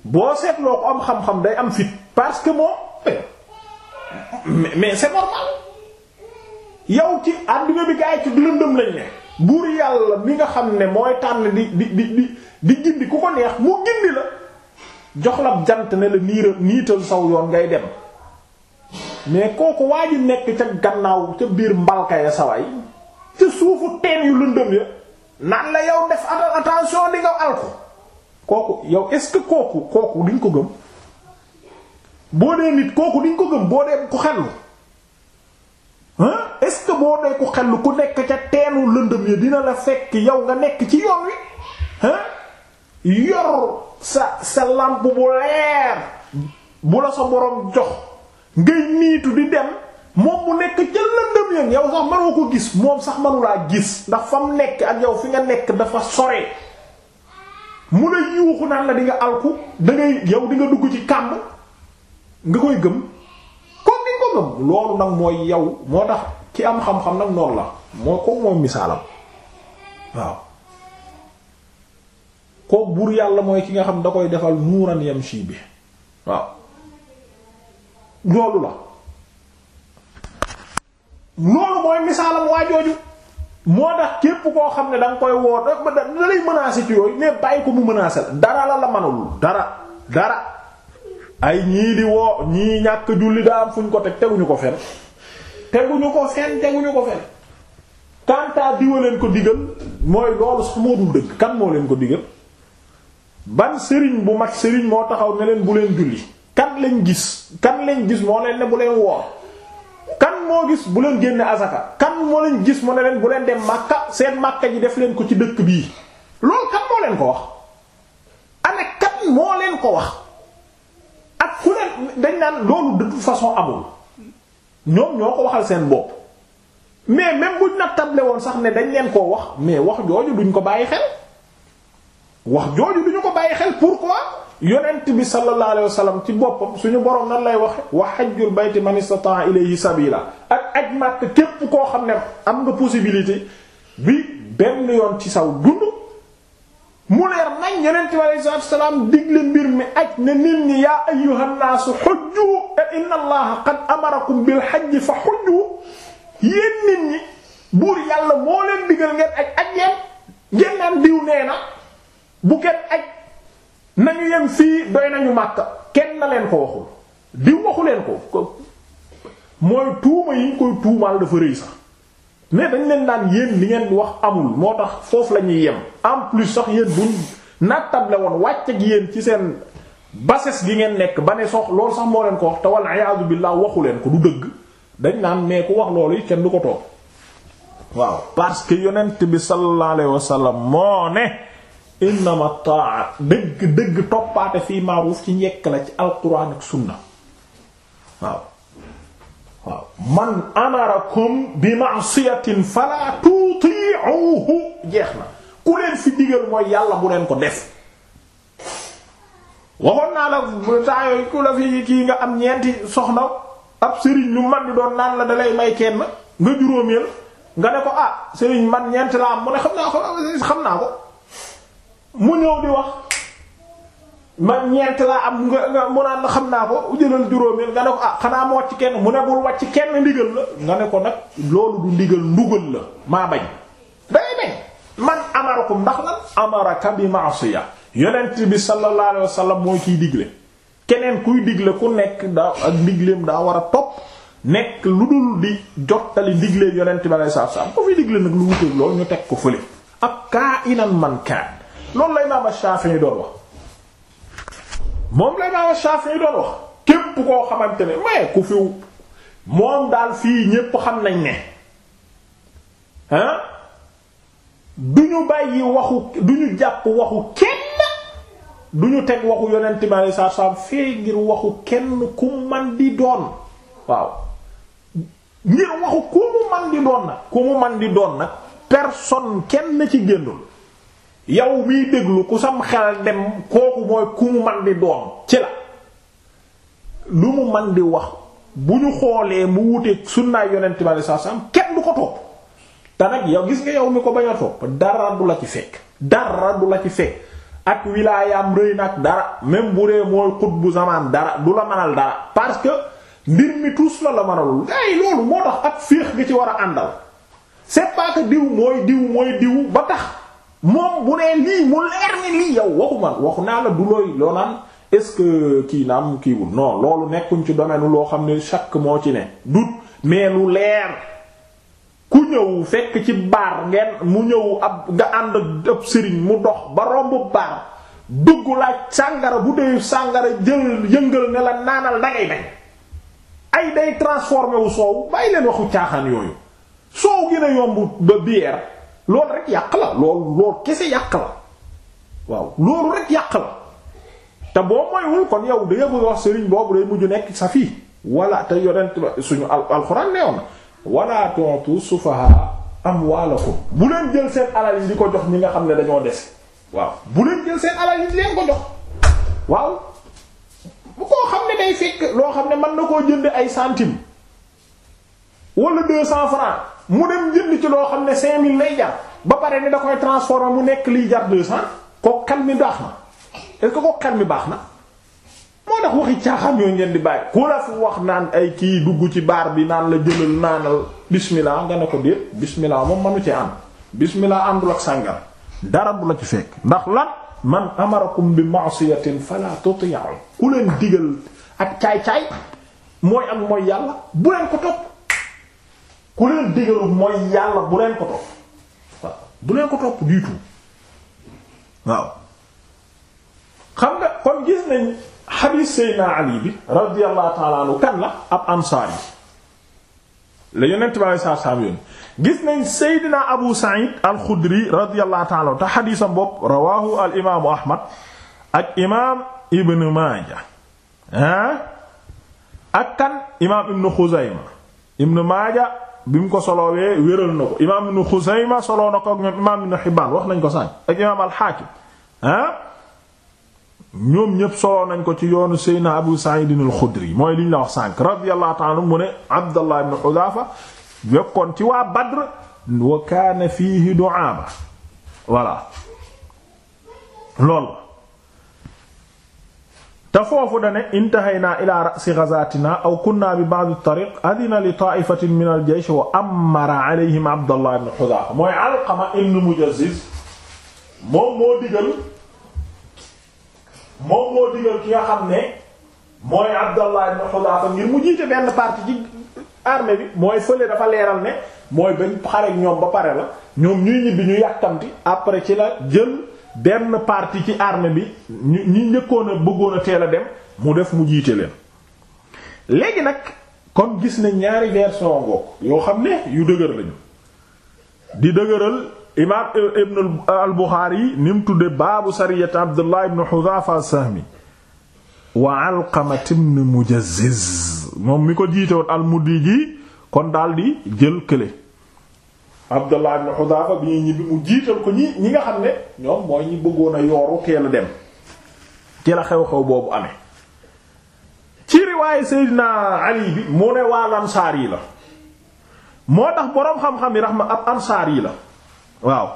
boo seetloo ku am xam-xam day am fit parce que moom mais c'est normal yow ci àdduna bi gaa yi ci lëndëm lañ ne buur yàlla mi nga xam ne mooy tànn di di di di di gindi ku ko neex mu gindi la jox la jant ne la niira niital saw yoon ngay dem mais kooku waa ji nekk ca gannaaw ca biir mbalka ya saway ca suufu teen yu lëndëm ya naan la yow def attention di nga alko kooku yow est-ce que kooku kooku diñ ko gëm boo dee nit kooku diñ ko gëm boo dee ko xellu hein est-ce que boo dee ku xel ku nekk ca teenu lëndëm ya dina la fekk yow nga nekk ci yoon wi ah yor sa sa lampe bu leer bu la sa borom jox ngay niitu di dem moom mu nekk ca lëndëm yan sax mënoo ko gis moom sax mënulaa gis ndax fam nekk ak yow fi nga nekk dafa sore mu la yuuxu naan la di alku da yow di dugg ci kàmb nga koy gëm comme ni nga loolu nag mooy yow moo tax ci am xam-xam nag noonu la moo ko moom misaalam waaw kooku buur yàlla mooy ki nga xam da koy defal nuuran yamshi bi waaw loolu la loolu mooy misaalam waa jooju moo tax képp koo xam ne da nga koy woo da lay menacer ci yooyu mais bàyyi ko mu menacer dara la la manul dara dara ay ñii di woo ñii ñàkk julli daa am fu ñu ko teg teguñu ko fen teguñu ko fenn teguñu ko fenn kantaa diwa leen ko digal mooy loolu sax moo dul dëgg kan moo leen ko digal ban sëriñ bu mag sëriñ moo taxaw ne bu leen julli kan lañ gis kan lañ gis moo leen ne bu leen woor kan moo gis bu leen génne asaka kan moo leen gis mu ne bu leen dem màkka seen màkka ji def leen ko ci dëkk bii loolu kan moo leen ko wax ane kan moo leen ko wax ak ku leen dañ naan loolu façon amul ñoom ñoo ko waxal seen bopp mais même buñ nag table woon sax ne dañ leen koo wax mais wax jooju duñ ko bàyyi xel wax jooju duñu ko bàyyi xel pour pourquoi yonent bi sallallahu alayhi wasallam ci boppam suñu borom nan lay waxe wa hajjul bayti man istata'a ilayhi sabila ak aj màkk képp koo xam ne am nga possibilité bi benn yoon ci saw dund mu leer nañ yonent bi alayhi salaatu wasalaam digle mbir mi aj ne nit ñi yaa ayyuhan naasu xujju e inna allaha qad amarakum bil hajji fa xujju yéen nit ñi buur yàlla moo leen digal ngeen aj aj yeen ngeen diw nee na bu ak aj nañu yem fii doy nañu màkka kenn na leen ko waxul diw waxu leen ko mooy tuuma yi ñu koy tuumaal dafa rëy sax mais dañ leen daan yéen li ngeen wax amul moo tax foofu la ñuy yem en plus sax yéen buñ nattable woon wàcc ak yéen ci seen bases gi ngeen nekk ba ne sox loolu sax moo leen ko wax te wal iyaazu billaah waxu leen ko du dëgg dañ naan mais ku wax loolu yi kenn du ko toog waaw parce que yonent bi sallallahu alayhi wa sallam moo ne innama taa dëgg dëgg toppaate fii maaruuf ci njekk la ci alquran ak sunna waaw waaw man amarakum bi ma'siyatin fala tuti'uhu jeex na ku leen fi digal mooy yàlla bu leen ko def waxoon naa la taayooy ku la fi kii nga am ñeenti soxna ab sëriñ lu man di doon naan la dalay may kenn nga juróomeel nga ne ko ah sëriñ man ñeenti la am mu ne xam naa ko xam naa ko mu ñëw di wax man ñeent laa am nga nga mu naan xam naa ko jëlal juróomeel nga ne ko ah xanaa moo ci kenn mu ne bul wàcc kenn ndigal la nga ne ko nag loolu du ndigal ndugal la maa bañ day bañ man amarakum ndax lan amaraka bi yonent bi sallallahu alayhi wasallam mooy kiy digle keneen kuy digle ku nekk daa ak ndigleem daa war a topp nekk lu dul di jottali ndigleem yonent bi alayhi wasallam ko fi digle nag lu wuteeg loolu ñu teg ko fële ak kaa inan man kaan loolu la imaam Shafi'i doon moom la Imaam Shafi'i doon wax képp koo xamante ne waaye ku fi moom daal fii ñépp xam nañ ne ah du ñu bàyyi waxu du ñu jàpp waxu kenn du ñu teg waxu yonent bi alayhi salaatu fee ngir waxu kenn ku man di doon waaw ngir waxu ku mu man di doon nag ku mu man di doon nag personne kenn ci génnul yow miy déglu ku sam xel dem kooku mooy ku mu man di doon ci la lu mu man di wax bu ñu xoolee mu wuteeg sunnaay yonent bi saa saam kenn du ko topp te nag yow gis nga yow mi ko bañ a topp dara du la ci fekk dara du la ci fekk ak wilaayaam rëy nag dara même bu dee mooy zamaan dara du la manal dara parce que mbir mi tous la la manalul ay loolu moo tax ak féex gi ci war a àndal c'est pas que diw mooy diw mooy diw ba tax moom bu nee lii mu leer ni lii yow waxu man waxu naa la du looy loo naan est-ce que kii naam kiiwul non loolu nekkuñ ci domaine loo xam ne chaque moo ci ne dut mais lu leer ku ñëw fekk ci baar ngeen mu ñëw ab nga ànd ab sëriñ mu dox ba romb baar dugg laaj sàngara bu dee sàngara jël yëngal ne la naanal dangay bañ ay day transformé wu soow bàyyi leen waxu caaxaan yooyu soow gën a yomb ba bière loolu rek yàq la loolu loolu kese yàq la waaw loolu rek yàq la te boo moywul kon yow da nga bëgg wax sëriñ boobu day mujj nekk sa fii wala te yonent ba suñu alxuraan nee woon am tu'tu sufaha amwaalakum bu leen jël seen alal yi di ko jox ñi nga xam ne dañoo des waaw bu leen jël seen alal yi di leen ko jox waaw bu koo xam ne day fekk loo xam ne mën na koo jënd ay centimes wala deux cents francs mu dem jënd ci loo xam ne 5000 lay jar ba pare ni da koy transformer mu nekk lii jar 200 kooku kan mi baax na est-ce que kan mi baax na. moo tax waxi caaxaan yooyu ngeen di bàyyi ku la fi wax naan ay kii dugg ci baar bi naan la jëlal naanal bismillah nga ne ko déet bismillah moom manu ci ànd bismillah àndul ak sàngara dara du la ci fekk ndax la man amarakum bi ma'siyatin fala tuti'u ku leen digal ak caay-caay mooy ak mooy yàlla bu leen ku leen digalu mooy yàlla bu leen ko topp waaw bu kon gis nañ xadiis Seydina Ali bi radiyallahu ta'ala anhu kan la ab ansaar yi la yonent bi saa saam yoon gis nañ Seydina Abu Sa'id al-Khudri radiyallahu ta'ala anhu te xadiisam bopp rawaahu al imaamu Ahmad ak imaam Ibn Maaja ah ak kan Ibn Xuzayma Ibn Maaja bi mu ko solowee wéral na ko imaam ibn Xuzayma soloo na ko ak ñoom imaam ibn Hibbaan wax nañ ko sànq ak imaam al ah, ñoom ñépp soloo nañ ko ci yoonu Seydina Abu Sa'id al-Xudri mooy li ñu la wax sànq radiyallahu ta'ala mu ne Abdallah ibn Hudaafa yokkoon ci waa Badr wa kaana fiihi du'aaba voilà loolu te foofu dane intahaynaa ila ra'si ghazatina aw kunna bi ba'd adina li ta'ifatin min al wa amara alayhim ibn Mujazziz moom moo digal moom moo digal ki nga xam ne mooy Abdallah ibn Hudhafa ngir mu jiite benn partie ci armée bi mooy fële dafa leeral ne mooy benn xare ñoom ba pare la ñoom ñuy ñibbi ñu yàkkamti après ci la jël benn parti ci armée bi ñu ñi njëkkoon a bëggoon a teel a dem mu def mu jiite leen léegi nag kon gis ne ñaari version ngoog yoo xam ne yu dëgër lañu di dëgëral imaam euh, ibn al-Bukhari mu tudde baabu sariyat Abdullah ibn Hudhafa as-Sahmi wa Alqamat ibn Mujazziz moom mi ko jiite woon al-Mudiji kon daldi jël kële Abdullah ibn Hudhafa bi ñu ñibbi mu jiital ko ñi ñi nga xam ne ñoom mooy ñi bëggoon a yooru teel a dem ci la xew-xew boobu amee ci riwaaye Seydina Ali bi mu ne waa lansaar yi la moo tax boroom xam-xam yi raxma ab ansaar yi la waaw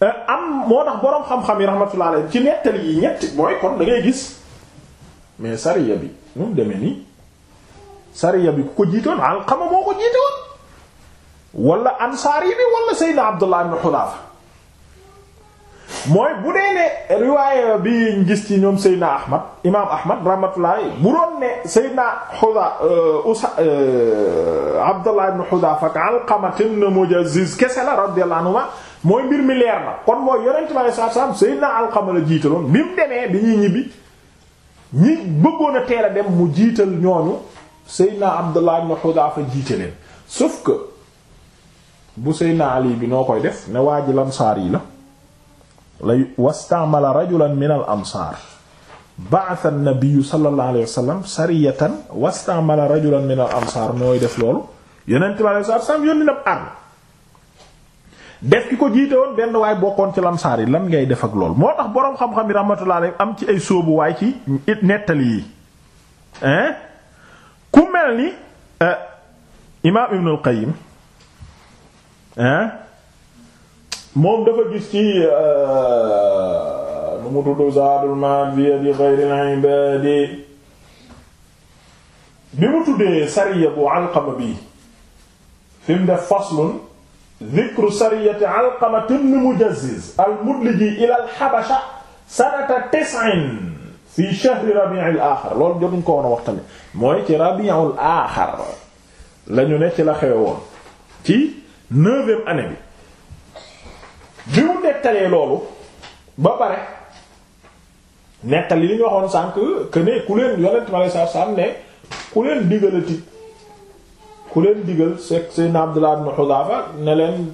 eh, am moo tax boroom xam-xam yi rahmatullah alayhi ci nettali yi ñetti mooy kon da ngay gis mais sariya bi nu mu demee nii sariya bi ku ko jiitoon Alqama moo ko jiitoon wala ansaari bi wala Seydina Abdullah bu dee ne bi gis ci ñoom Seydina Ahmad imaam Ahmad rahmatullahi bu doon euh, euh, kese la radiyallahu mbir mi leer kon mooy Yonent bi sallallahu alayhi wasallam Seydina ñi bëggoon a teel dem mu jiital ñooñu Seydina Abdullah ibn Xudaafa jiite leen sauf bu Seydina Ali bi noo koy def ne waa ji lansaar yi la lay wastaamala rajulan min al ansaar ba'atha an-nabiy sallallahu alayhi wasallam sariyatan wastaamala rajulan min al ansaar nooy def loolu yeneen bi alei sat salam yónni na arme def ki ko jiite woon benn waay bokkoon ci lansaar yi lan ngay def ak loolu moo tax boroom xam-xam yi rahmatullah am ci ay sóobu waay ci nettali yi ku mel ni euh, imaam Ibnul Qayyim hein moom dafa gis ci euh, nu mu tudd Zaadul Ma'aad bi yadi xayril ibaadi bi mu tuddee sariya bu Alqama bi fi mu def faslun dhikru sariyati Alqama ibn Mujazziz al-Mudliji ila al-Habasha sanata tis'in fi shahri Rabi'il aaxar loolu jotuñ ko woon a wax tamit mooy ci Rabi'ul aaxar lañu ne ci la xewoon ci neuvième année bi bi mu nettalee loolu ba pare nettali li ñu waxoon sànq que ne ku leen yonent ma lay sa sam ne ku leen digalati ku leen digal se seen Abdullah ibn Hudhafa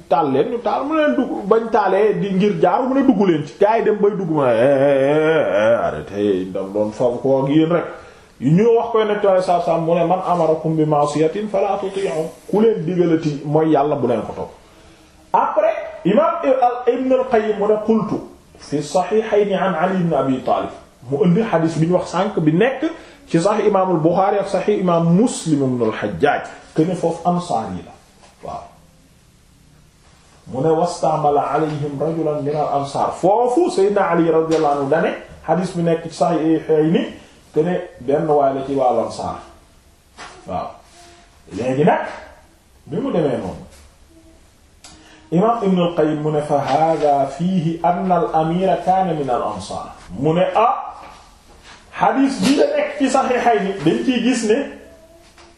taal leen ñu taal mu leen dugg bañ taalee di ngir jaaru mu ne dugg leen ci gars yi dem bay dugg ma eh, eh, eh, arrêté dam doon faw ko ak yéen rek ñu wax ko yonent sallallahu alayhi wasallam mu ne man amarakum bi ma'siyatin fala tuti'u ku leen digalati mooy yàlla bu leen ko topp après imam ibn al-Qayyim mu ne qultu fi sahihayn an Ali ibn Abi Talib mu indi xadis bi ñu wax sànq bi nekk ci sahih imam al-Bukhari ak sahih imam Muslim ibn al-Hajjaj kene foofu ansaar yi la waaw mu ne wastamala alayhim rajulan min al-ansar foofu sayyidina Ali radiyallahu anhu dane xadis bi nekk ci sahihayni te ne benn waay la ci wàllum saar waaw léegi nag bi mu demee noonu imaam Ibn al-Qayyim mu ne fa haaza fiihi anna al-amiira kaana min al-ansaar mu ne ah xadiis bi da nekk ci Saxiixayni dañ ciy gis ne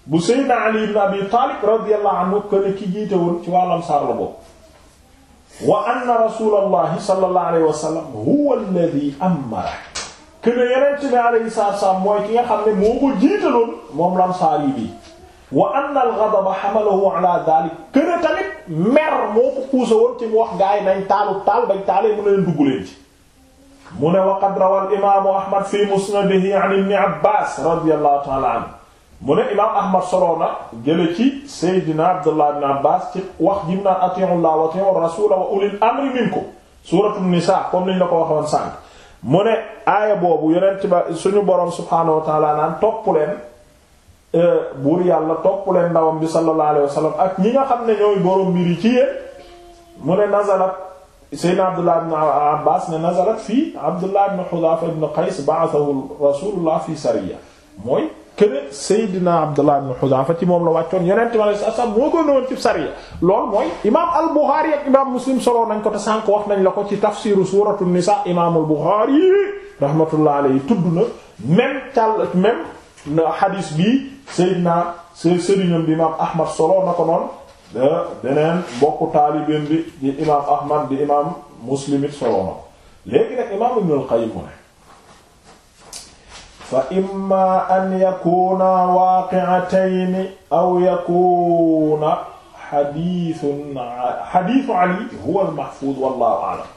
bu Seydina Ali ibn Abi Taalib radiyallahu anhu ko ne ki jiite woon ci wàllum saar la bokk wa anna rasuulallahi sallallahu alayhi wa sallam huwa alladhi amara que ne yeneen bi alayhi salaatu salaam mooy ki nga xam ne moo ko jiitaloon moom lamsaar yi bi wa anna al-ghadaba hamalahu ala dhalik que ne tamit mer moo ko poussé woon ci mu wax gaa yi nañ taalu taal bañ taalee mën leen dugg leen ci. mu ne wa qad rawa al-imaamu Ahmad fi musnadihi an ibn Abbaas radiyallahu ta'ala anhu mu ne imaam Ahmad soloo na jële ci Seydina Abdullah ibn Abbaas ci wax jim naan atii'u llaha wa atii'u rasuula wa ulil amri minkum suuratu nisaa comme niñ la ko waxoon sànq. mu ne aaya boobu yonent ba suñu boroom subhaanahu wa taala naan topp leen euh, buur yàlla topp leen ndawam bi sallallahu alayhi wa sallam ak ñi nga xam ne ñooy boroom mbir yi ci yéen mu ne nazalat saydna abdullah ibn abbas ne nazalat fii abdullah ibn hudhafa ibn qais ba'athahu rasulullah fi sariya mooy kene Seydina Abdullah ibn Hudhafa ci moom la wàccoon yeneen ti la sa sa moo ko noon ci sariya loolu mooy imaam al-Bukhari imaam Muslim soloo nañ ko te sànq wax nañ la ko ci tafsiru suuratu nisaa imaam al-Bukhari rahmatullah alayhi tudd na même càll même na bi Seydina sëriñam bi imaam Ahmad soloo na ko noonu euh, beneen bokku taalibeem bi imaam Ahmad di imaam Muslim it soloo na ko imaam Ibn al-Qayyim fa imma an yakuna waaqi'atayni aw yakuna xadiisun xadiisu ali huwa al-mahfuuz wallaahu a'lam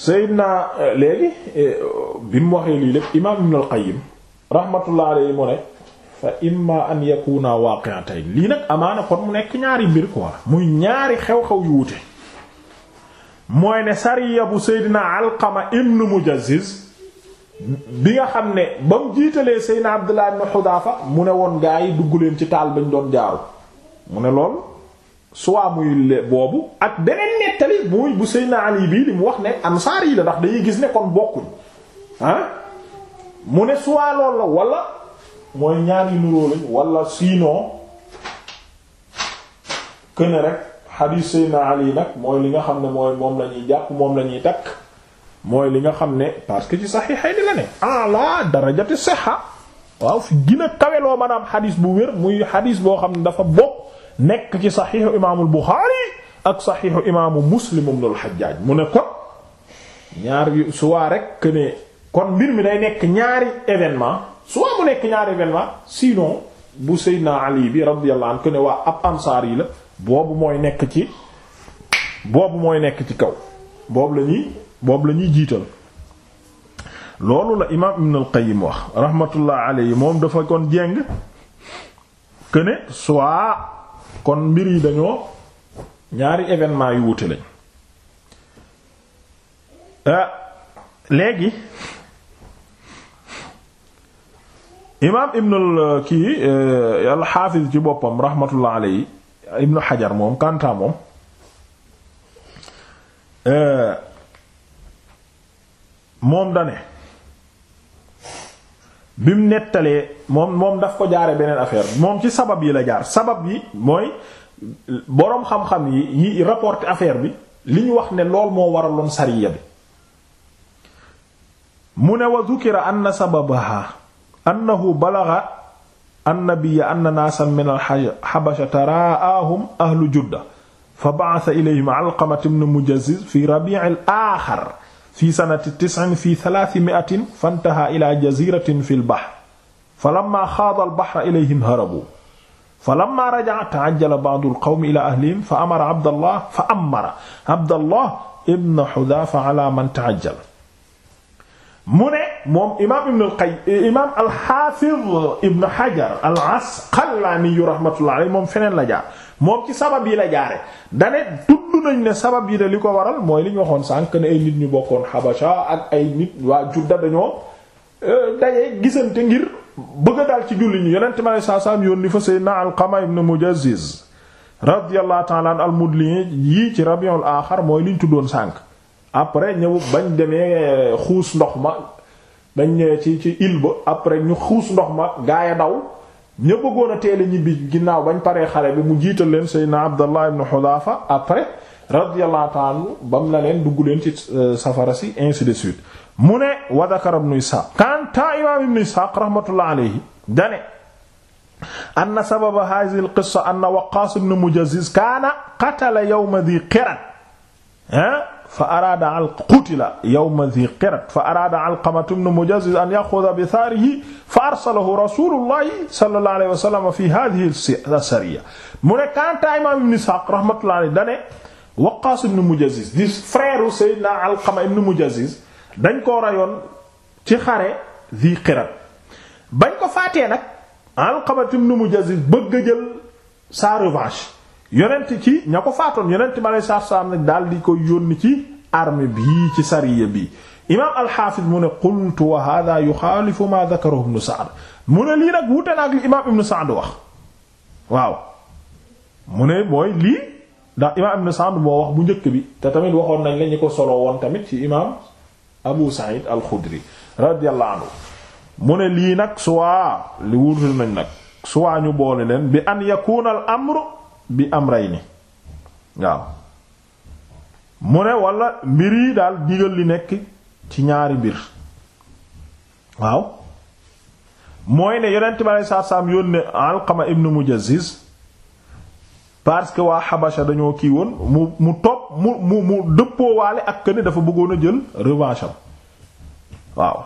Seydina eh, léegi eh, bi mu waxee lii lépp imaam Ibn al-Qayyim rahmatullahi alayhi mu ne fa imma an yakuna waaqi'atayn lii nag amaana kon mu nekk ñaari mbir quoi muy ñaari xew-xew yu wute mooy ne sariya bu Seydina Alqama ibn Mujazziz bi nga xam ne ba mu jiitalee Seyna Abdullah ibn Hudaafa mu ne woon gaa yi dugg leen ci taal bañ doon jaaru mu ne lool soit muy boobu ak beneen nettali muy bu Seyna Ali bii li mu wax ne ansaar yi la ndax dañuy gis ne kon bokkuñ ah mu ne soit lool la wala mooy ñaari nuroo lañ wala sinon que ne rek xadiis Seyna Ali nag mooy li nga xam ne mooy moom la jàpp moom lañuy ñuy takk. mooy li nga xam ne parce que ci saxiixay ni la ne ala darajati sihha waaw fi gën a kaweloo maanaam xadis bu wér muy xadis boo xam ne dafa bokk nekk ci saxiixu imaamul Buxaari ak saxiixu imaamu Muslim ibnul Xajjaaj mu ne kon ñaar yu soit rek ne kon mbir mi day nekk ñaari événement soit mu nekk ñaari événement sinon bu Seydina Ali bi radiyallahu anhu ne waa ab ansaar yi la boobu mooy nekk ci boobu mooy nekk ci kaw boobu lañuy boobu lañuy ñuy jiital loolu la imaam Ibn al-Qayyim wax rahmatullah alayhi moom dafa kon jéng que ne kon mbir yi dañoo ñaari événement yu wuute lañ euh, léegi imaam Ibn al kii euh, al-Hafiz ci boppam rahmatullah alayhi Ibn Hajar moom Kantaa moom. Euh, moom dane bi mu nettalee moom moom daf ko jaare beneen affaire moom ci sabab yi la jaar sabab yi mooy boroom xam-xam yi yi rapporté affaire bi li ñu wax ne lool moo waraloon sariya bi mu ne wa dhukira anna sababaha annahu balagha annabiyya anna naasan min al-habasha taraahum ahlu judda fa ba'atha ilayhim alqamata ibn mujazziz fi rabi' al fi sanati tis'in fi thalathi mi'atin fantaha ila jaziratin fil bahr falamma xaada al bahra ilayhim harabu falamma raja'a ta'ajjala ba'du al qawmi ila ahlihim fa amara Abdallah fa amara Abdallah ibn Hudhafa ala man ta'ajjala mu ne moom imaam ibn al-Qayyim imaam al-Hafiz ibn Hajar al-Asqalani rahmatullahi alayhi moom feneen la jaar moom ci sabab yi la jaare dane tudd nañ ne sabab yi de li ko waral mooy li ñu waxoon sànq ne ay nit ñu bokkoon xabasha ak ay nit waa judda dañoo euh, daje gisante ngir bëgg daal ci julli ñu yonent ma saa yoon li fa sayyidina Alqama ibn Mujazziz radiyallahu ta'ala an al-Mudli yii ci Rabiul Axir mooy liñ tuddoon sànk après ñëw bañ demee euh, xuus ndox ma bañ ñëwee ci ci île après ñu xuus ndox ma gaaya daw ña bëggoon a teel a ñibbi ginnaaw bañ paree xare bi mu jiital leen Seydina Abdallah ibn Hudhafa après radiyallahu ta'ala anhu bam na leen dugg leen ci euh, safara si ainsi de suite mu ne wa dhakara ibn Ishaq kanta imam ibn Ishaq rahmatullahi alayhi dane anna sababa hadhihi al-qissa anna Waqqas ibn Mujazziz kaana qatala yawma dhi qiran ha fa araada al qutila yawma dhi qirat fa araada alqamatu ibn mujazziz an yaxuda bi saarihi fa arsalahu rasulullahi sallallahu alayhi wa sallam fi hadhihi as-sariya mu ne kanta imam ibn Ishaq rahmatullahi alayhi dane Waqqaas ibn Mujazziz di frère Seydina Alqama ibn Mujazziz dañ ko rayoon ci xare dhi qirat bañ ko faatee nag Alqama ibn Mujazziz bëgg a jël sa revanche yonent ci ña ko faatoon yonent mi aleyhi salaatu daal di ko yónni ci armée bii ci sariya bii imaam alxaafis mu ne qultu wa haadaa yuxaalifu maa dakarahu ibnu Sa'd mu ne lii nag wuute naag li imaam ibnu Sa'd wax waaw moo wax bu njëkk bi te tamit waxoon nañ ko solo woon tamit ci imaam Abu Sa'id lii nag suwaa li wuute nañ ñu boole leen bi an yakuuna al bi am rey ni waaw mu ne wala mbir yi daal digal li nekk ci ñaari mbir waaw mooy ne yonent bi alei saatu salaam yónne Alqama parce que waa Habasha dañoo kii woon mu mu topp mu mu mu dëppoo waale ak que dafa bëggoon a jël revanche waaw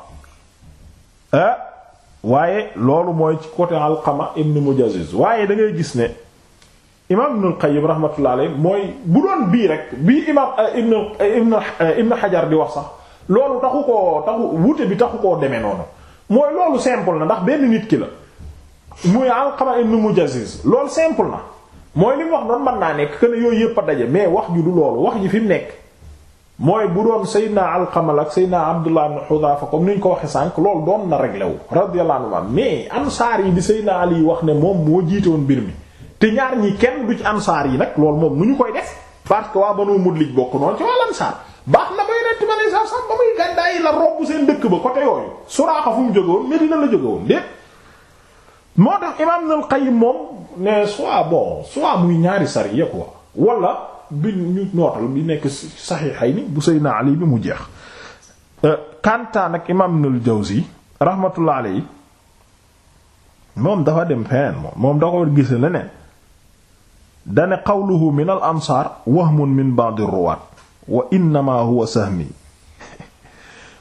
eh? waaye loolu mooy ci côté Alqama ibn Mujazziz waaye da gis ne imaam Ibn al-Qayyim rahmatullah mooy bu doon bii rek bii imaam Ibn Ibn Ibn Hajar di wax sax loolu taxu ko taxu wuute bi taxu koo demee noonu mooy loolu simple na ndax benn nit ki la muy Alqama ibn Mujazziz loolu simple na mooy li wax noonu mën naa nekk que ne yooyu yëpp a daje mais wax ji du loolu wax ji fi mu nekk mooy bu doon Seydina Alqama ak Seydina Abdullah ibn Hudhafa comme ni ñu ko waxee sànq loolu doon na réglé wu radiyallahu an mais ansaar yi bi Seydina Ali wax ne moo jiite woon mbir mi. te ñaar ñi kenn du ci ansaar yi nag loolu moom nu ñu koy def parce que waa Banu Mudlij bokk noonu ci waa ansaar baax na ba yonent ma ne sax ba muy gàddaay la romb seen dëkk ba côté yooyu Suraaqa fu mu jógewoon la jógewoon déet moo moom ne soit bon ñaari sariya quoi bi nekk Sahihayni bu Seydina Ali jeex euh, Kantaa nag imaam Ibnul Jawzi rahmatullah alayhi moom dafa dem feneen moom moom ko gis leneen dane qawluhu min al ansaar wahmun min ba'd ar-ruwaat wa innama huwa sahmi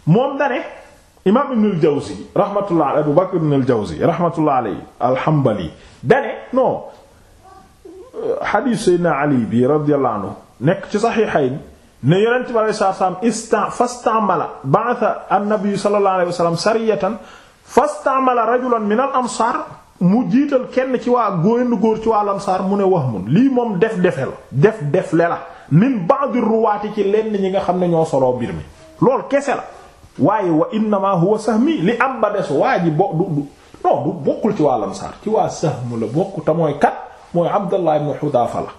moom dane imaam ibn al-Jawzi rahmatullah alayhi Abu Bakr ibn al-Jawzi rahmatullah alayhi al-Hanbali dane non xadiis Seydina Ali bi radiyallahu anhu nekk ci saxiixayn ne yonent bi alayhi salaam ista fastamala ba'atha an-nabi sallallahu alayhi wa sallam sariyatan fastamala rajulan min al-ansaar mu jiital kenn ci waa góoyand góor ci waa lamsaar mu ne wax mun lii moom def defe la def def le la min ba'd ruwaati ci lenn ñi nga xam ne ñoo solo biir mi lool kese la waaye wa innama huwa sahmi li am ba des waa ji bo du du non du bokkul ci waa lamsaar ci waa sahmu la bokk te mooy kat mooy abdallah ibn xudaafa la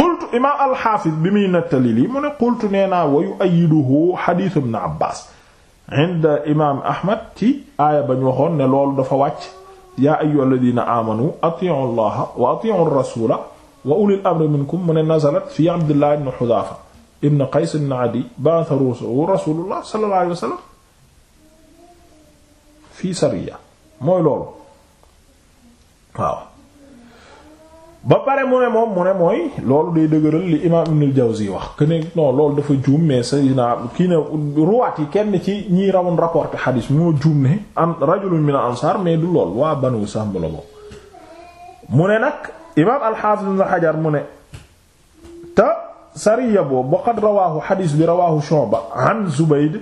qultu imam alxaafis bi muy nattali lii mu ne qultu nee naa wa yu'ayyiduhu xadiisu ibn abbas inda imam ahmad ci aaya bañ waxoon ne loolu dafa wàcc yaa ayyuhal ladina amanu atiu allaha wa atiu rasula wa ulil amri minkum mu ne nazalat fi abdullah ibn xudaafa ibn qays ibn adi ba'atha rasulullah sallallahu alayhi wa sallam fii sariya mooy loolu waaw ba pare mu ne moom mu ne mooy loolu day dëgëral li imaam Ibnul Jawzi wax que ne loolu dafa juum mais sayyidina kii ne ruwaat yi kenn ci ñiy rawoon rapporté xadiis moo juum ne an rajulun min ansaar mais du lool waa Banu Sahm la moom mu ne nag imaam al-Haafiz Ibn mu ne te sariya boobu ba qad rawaahu xadiis bi rawaahu Shu'ba an Zubayd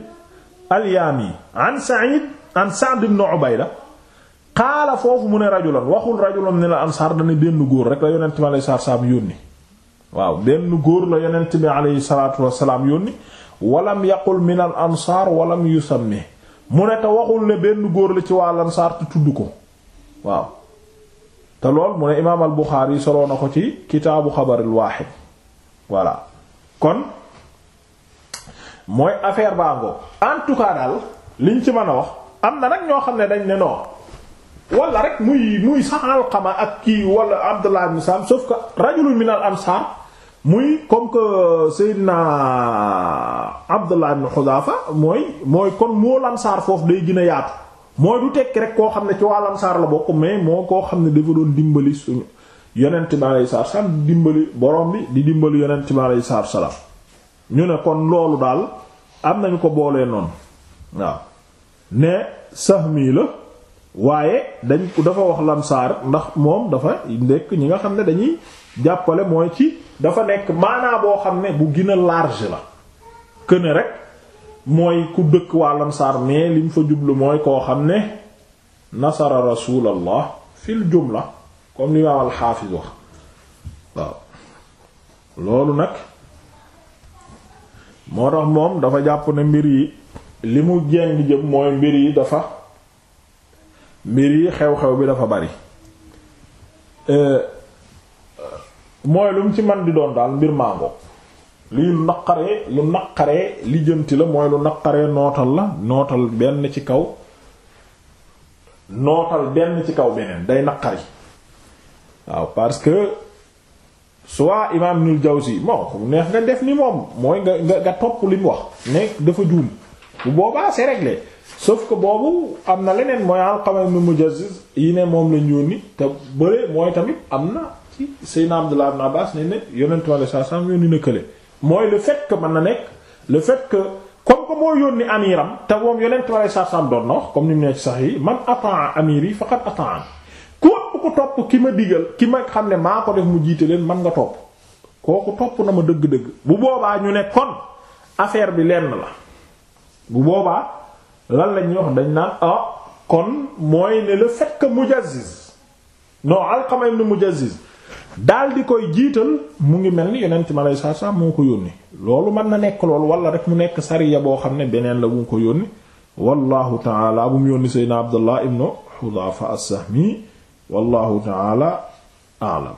al an Sa'iid an Sa'd ibn Ubayda xaala foofu mu ne rajulan waxul rajulan min al ansar dana benn góor rek la yonent bi alayhi salaam yónni waaw benn góor la yonent bi alayhi salaatu wasalaam yónni walam yaqul min al ansar walam yusammi mu ne te waxul ne benn góor la ci wàll ansaar te tudd ko waaw te lool mu ne imaam al Buxaari yi soloo na ko ci kitaabu xabaril waaxid voilà kon mooy affaire baa ngoog en tout cas daal liñ ci mën a wax am na nag ñoo xam ne dañ ne wala rek muy muy sax Alqama ak kii wala Abdullah ibn Sam sauf que rajulun min al muy comme que Seydina Abdullah ibn Hudafa mooy mooy kon moo lansaar foofu day gën a yaatu mooy du tekki rek koo xam ne ci waa lansaar la bokk mais moo koo xam ne dafa doon dimbali suñu yonent bi alayhi salaatu salaam di dimbali borom bi di dimbali yonent bi alayhi salaatu salaam ñu ne kon loolu daal am nañu ko boolee noonu waaw ne sahmi la waaye dañ dafa wax lamsaar ndax moom dafa ndëkk ñi nga xam ne dañuy jàppale mooy ci dafa nekk maanaa boo xam ne bu gën a large la këne rek mooy ku dëkk waa lamsaar mais li mu fa jublu mooy koo xam ne nasara rasulallah fil jumla comme li waaw alxaafis wax waaw loolu nag moo tax moom dafa jàpp ne mbir yi li mu jeng jëm mooy mbir yi dafa mbir yi xew-xew bi dafa bari euh, mooy lum ci man di doon daal mbir màngo lii lu naqaree lu naqaree lijjanti la mooy lu naqaree nootal la nootal benn ci kaw nootal benn ci kaw beneen day naqari waaw parce que soit imaam Ibnul Jawzi bon neex nga def ni moom mooy nga nga topp li wax ne dafa juum bu boobaa c'est réglé sauf ko boobu am na leneen mooy Alqama ibn Mujazziz yi ne moom lañ yónni te bëre mooy tamit am na ci Seydina Abdullah ibn Abbas ne ne yonentu Yàlla saa sam yónni na kële mooy le fait que mën na nekk le fait que comme que moo yónni amiram te moom yonentu Yàlla saa sam doon na wax comme ni mu ne ci sax yi man ataa amiri faqad ataa kooku ko topp ki ma digal ki ma xam ne maa ko def mu jiite leen man nga topp kooku topp na ma dëgg-dëgg bu boobaa ñu ne affaire bi lenn la lan la ñuy wax dañ naan ah kon mooy ne le fait que Mujaziz non Alqama ibn Mujaziz daal di koy jiital mu ngi mel ni yonent mi alayhi salaatu salaam ko yónni loolu mën na nekk loolu wala rek mu nekk sariya boo xam ne beneen la bu ko yónni wallahu taala bu mu yónni Seydina Abdullah ibn Hudhafa as wallahu taala a'lam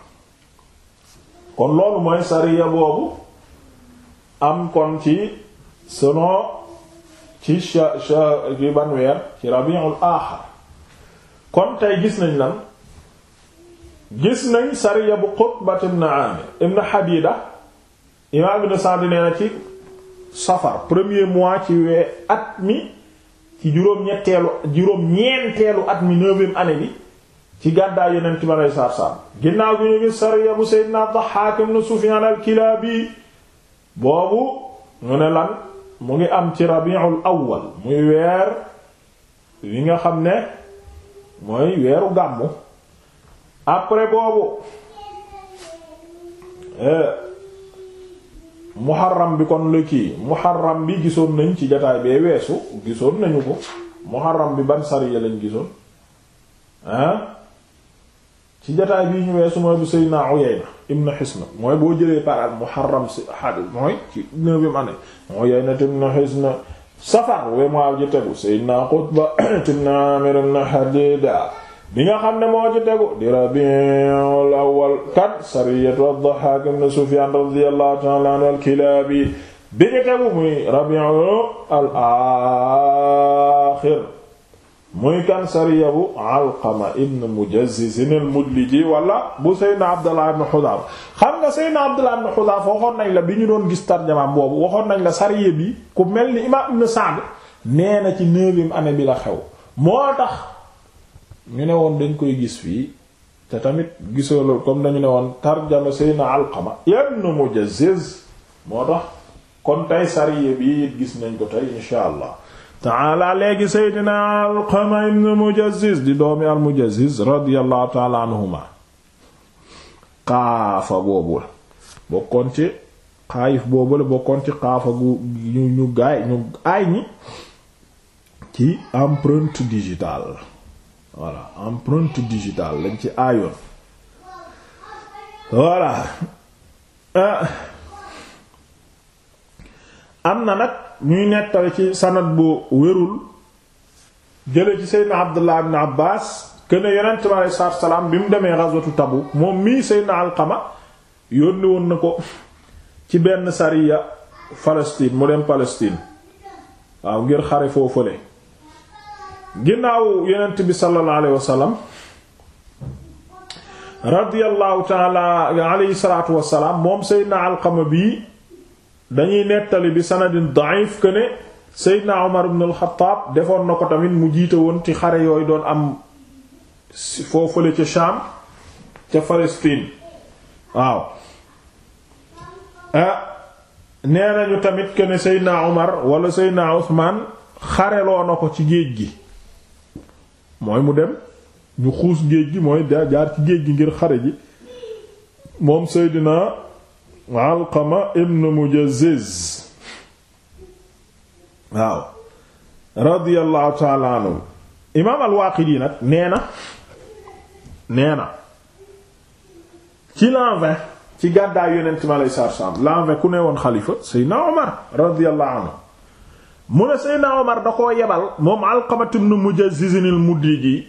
kon loolu mooy sariya boobu am kon ci selon ci sha sha gi ban ci rabiul aaxar kon tey gis nañ lan gis nañ sariya bu Qutbat ibn Amir ibn Habida imaam ibn Sa'd ci safar premier mois ci wee at mi ci at mi neuvième année ci gàddaay yeneen ci ma lay saar sariya bu Seydina Dahhaak ibn Sufyaan al-Kilaabi boobu ñu ne lan mu ngi am ci rabiul awwal muy weer wi nga xam ne mooy weeru gàmmu après boobu euh, muharram bi kon la kii muharram bi gisoon nañ ci jataay bee weesu gisoon nañu ko muharram bi ban sariya lañ gisoon ah ci jotaay bii ñu weesu mooy bu Seydina Uyayna ibn Hisn mooy boo jëlee paral Muharram si xaadis mooy ci neuvième année Uyayna ibn Hisn Safar we moo ji tegu Seydina Qutba ibn Amir ibn Hadida bi nga xam ne moo ci tegu di Rabiul Awwal kan sariyatu ad-Dahhak ibn Sufyan radiyallahu ta'ala anhu al-Kilabi bi nga tegu muy Rabiul al-Akhir muy kan sariya bu alqama ibn mujazziz al-mudliji wala bu seydna abdullah ibn xudaafa xam nga seydna abdullah ibn xudaafa waxoon nañ la bi ñu doon gis tarjamaam boobu waxoon nañ la sariya bi ku mel ni imaam ibn sa'd nee na ci neuvième année bi la xew moo tax ñu ne woon dañ koy gis fii te tamit gisoo loolu comme dañu ne woon tarjama seydna alqama ibn mujazziz moo tax kon tey sariya bi it gis nañ ko tey insha allah taala léegi seydina alqama ibn mujazziz di doomi al mujazziz radiyallahu taala anhuma xaafa boobu la bokkoon ci xaayif boobu la bokkoon ci xaafa gu ñu ñu gaay ñu aay ñi ci empreinte digitale voilà empreinte digitale lañ ci aayoon voilà ah. am na nag ñuy nettali ci sanad bu wérul jële ci seydna abdullah ibn abbas kuene yonent bi alei salaatu salaam bi mu demee ghazwatu Tabuk moom mii seydna alqama yónni na ko ci benn sariya Palestine mu dem Palestine waaw ngir xare foofale ginnaaw yonent bi sallallahu alayhi wa sallam radiyallahu taala alayhi salaatu salaam moom seydna alqama bii dañuy nettali bi sanadin da'if que ne Omar ibn al defoon na ko tamit mu jiite woon ci xare yooyu doon am foofale ca Sham ca Palestine waaw ah, nee nañu tamit que ne Omar wala Seydina Ousmane xareloo na ko ci géej gi mooy mu dem ñu xuus géej gi mooy jaar ci géej gi ngir xare ji moom Seydina. Alqama ibn Mujazziz waaw radiyallahu imaam al-Waaqidi nag nee na nee na ci l'an ci gàddaay yonent mi alayhi salaatu wa salaam ku ne woon xalifa Seydina Omar radiyallahu anhu mu ne Seydina Omar da koo yebal moom Alqama ibn Mujazziz al-Mudliji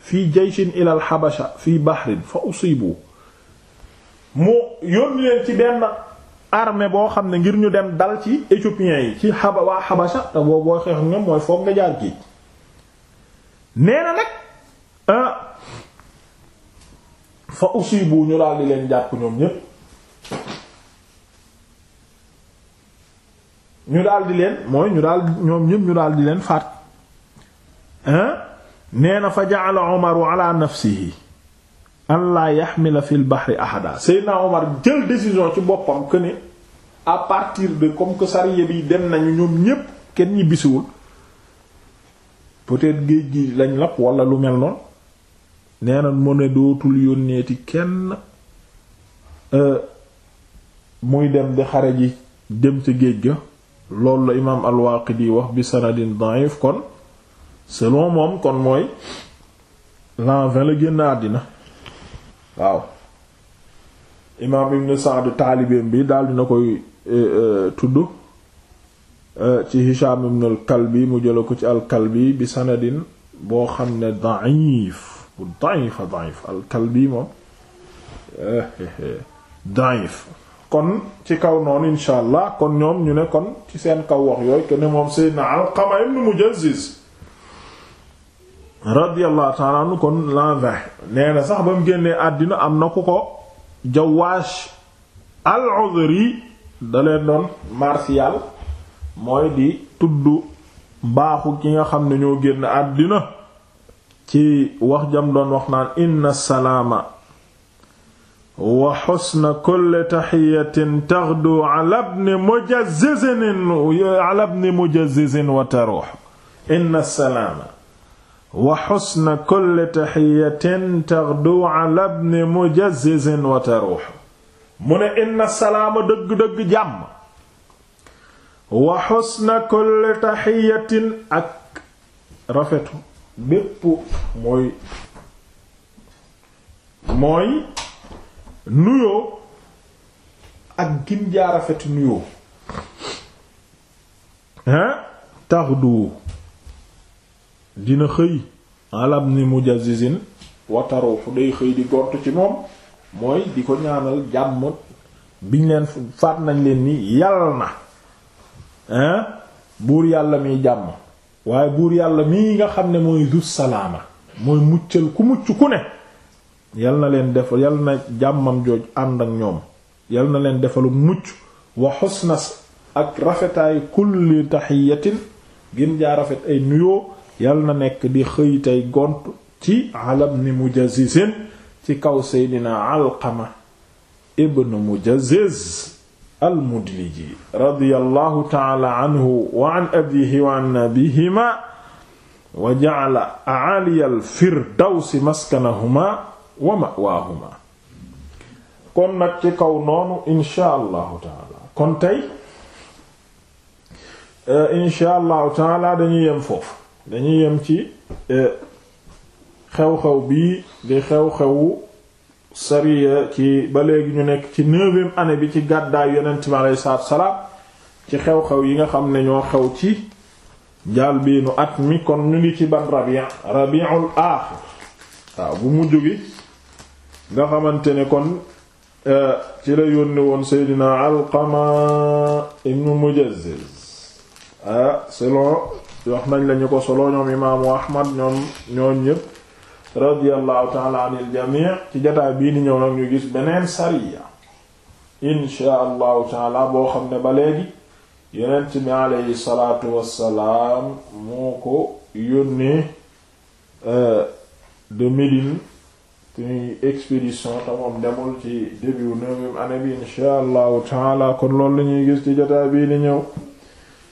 fii jayshin ila al-Habasha fii bahrin fa usibu mu yónni leen ci benn armée boo xam ne ngir ñu dem dal ci éthiopiens yi ci xaba waa xabasa te boo boo xeex ak ñoom mooy foog nga jaar géej nee na nag ah, fa usibu ñu ñoom ñépp ñu daal di leen mooy ñu ñoom ñépp ñu daal di leen faat ah, nee na fa ja'ala Umaru ala nafsihi an la yaxmila fil bahri ahada Seydina Omar jël décision ci boppam que ne à partir de comme que sariya bi dem nañu ñoom ñépp kenn ñi bisiwul géej gi lañ lap wala lu mel noonu nee na mu ne dootul yónneeti kenn euh, muy dem di xare ji dem ci géej ga loolu la imaam al-Waaqidi wax bi sanadin da'if kon selon moom kon mooy l'an 20 la génn àddina waaw imaam ibn Sa'd taalibeem bi daal dina koy eh, eh, tudd eh, ci Hisham ibn al-Kalbi mu jëla ko ci al-Kalbi bi sanadin boo xam ne da'if bu da'ifa da'if al moom da'if kon ci kaw noonu insha kon ñoom ñu ne kon ci seen kaw wax yooyu que ne moom Sayyidina Alqama ibn Mujazziz radiyallahu ta'ala kon l'an na sax ba mu génnee àddina am na ku ko Jawaash al-Uzri da leen doon martial mooy di tudd mbaaxu ki nga xam ne ñoo génn àddina ci wax jam doon wax naan inna salaama wa xusna kulli taxiyatin taxdu ala ibni mujazzizin ala ibni mujazzizin wa taruux inna salaama wa xusna kulli taxiyatin taxdu ala bni mujazzizin wa mu ne inna salaama dëgg-dëgg jàmm wa xusna kulli taxiyatin ak rafetu bépp mooy mooy nuyoo ak gin jaa rafetu nuyoo hein taxdu dina xëy alam ni mujazizin wataruuxu day xëy di gont ci moom mooy di ko ñaanal jàmm biñ leen faat nañ leen nii yàlla na hein buur yàlla miy jàmm waaye buur yàlla mii nga xam ne mooy du salaama mooy muccal ku mucc ku ne yal na leen defal yal na jàmmam jooj ànd ak ñoom yal na leen defalu mucc wa xusnas ak rafetaayu kulli taxiyatin gën jaa rafet ay nuyoo yal na nekk di xëy tey gont ci alam mujazizin ci kaw seydina alqama ibn mujaziz almudliji radiyallahu taala anhu wa abihi wa an wa ja'ala a'ali al-firdawsi wa ma'waahuma kon nag ci kaw noonu insha allahu taala kon tey eh, insha allahu taala dañuy yem foofu dañu yem ci e, xew-xew bii di xew-xewu sariya ci ba léegi ñu nekk ci neuvième année bi ci gàddaay yonent mi aleyhi salaatu salaam ci xew-xew yi nga xam ne ñoo xew ci jaal biinu at mi kon ñu ngi ci ban rabi rabiul aaxir waaw bu mujj gi nga xamante ne kon e, ci la yónni woon Seydina Alqama ibnu Mujaziz ah wax nañ la ñu ko solo ñoom imaamu ahmad ñoom ñoom ñëpp radiyallahu taala anil jamii ci jotaay bii ni ñëw nag ñu gis beneen sariya inshaa allahu taala boo xam ne ba léegi yonent bi aleyhi salaatu wassalaam moo ko yónnee euh, de Médine suñuy expédition te moom demul ci début neuvième année bi inshaa allahu taala kon loolu la gis ci jotaay bii ni ñëw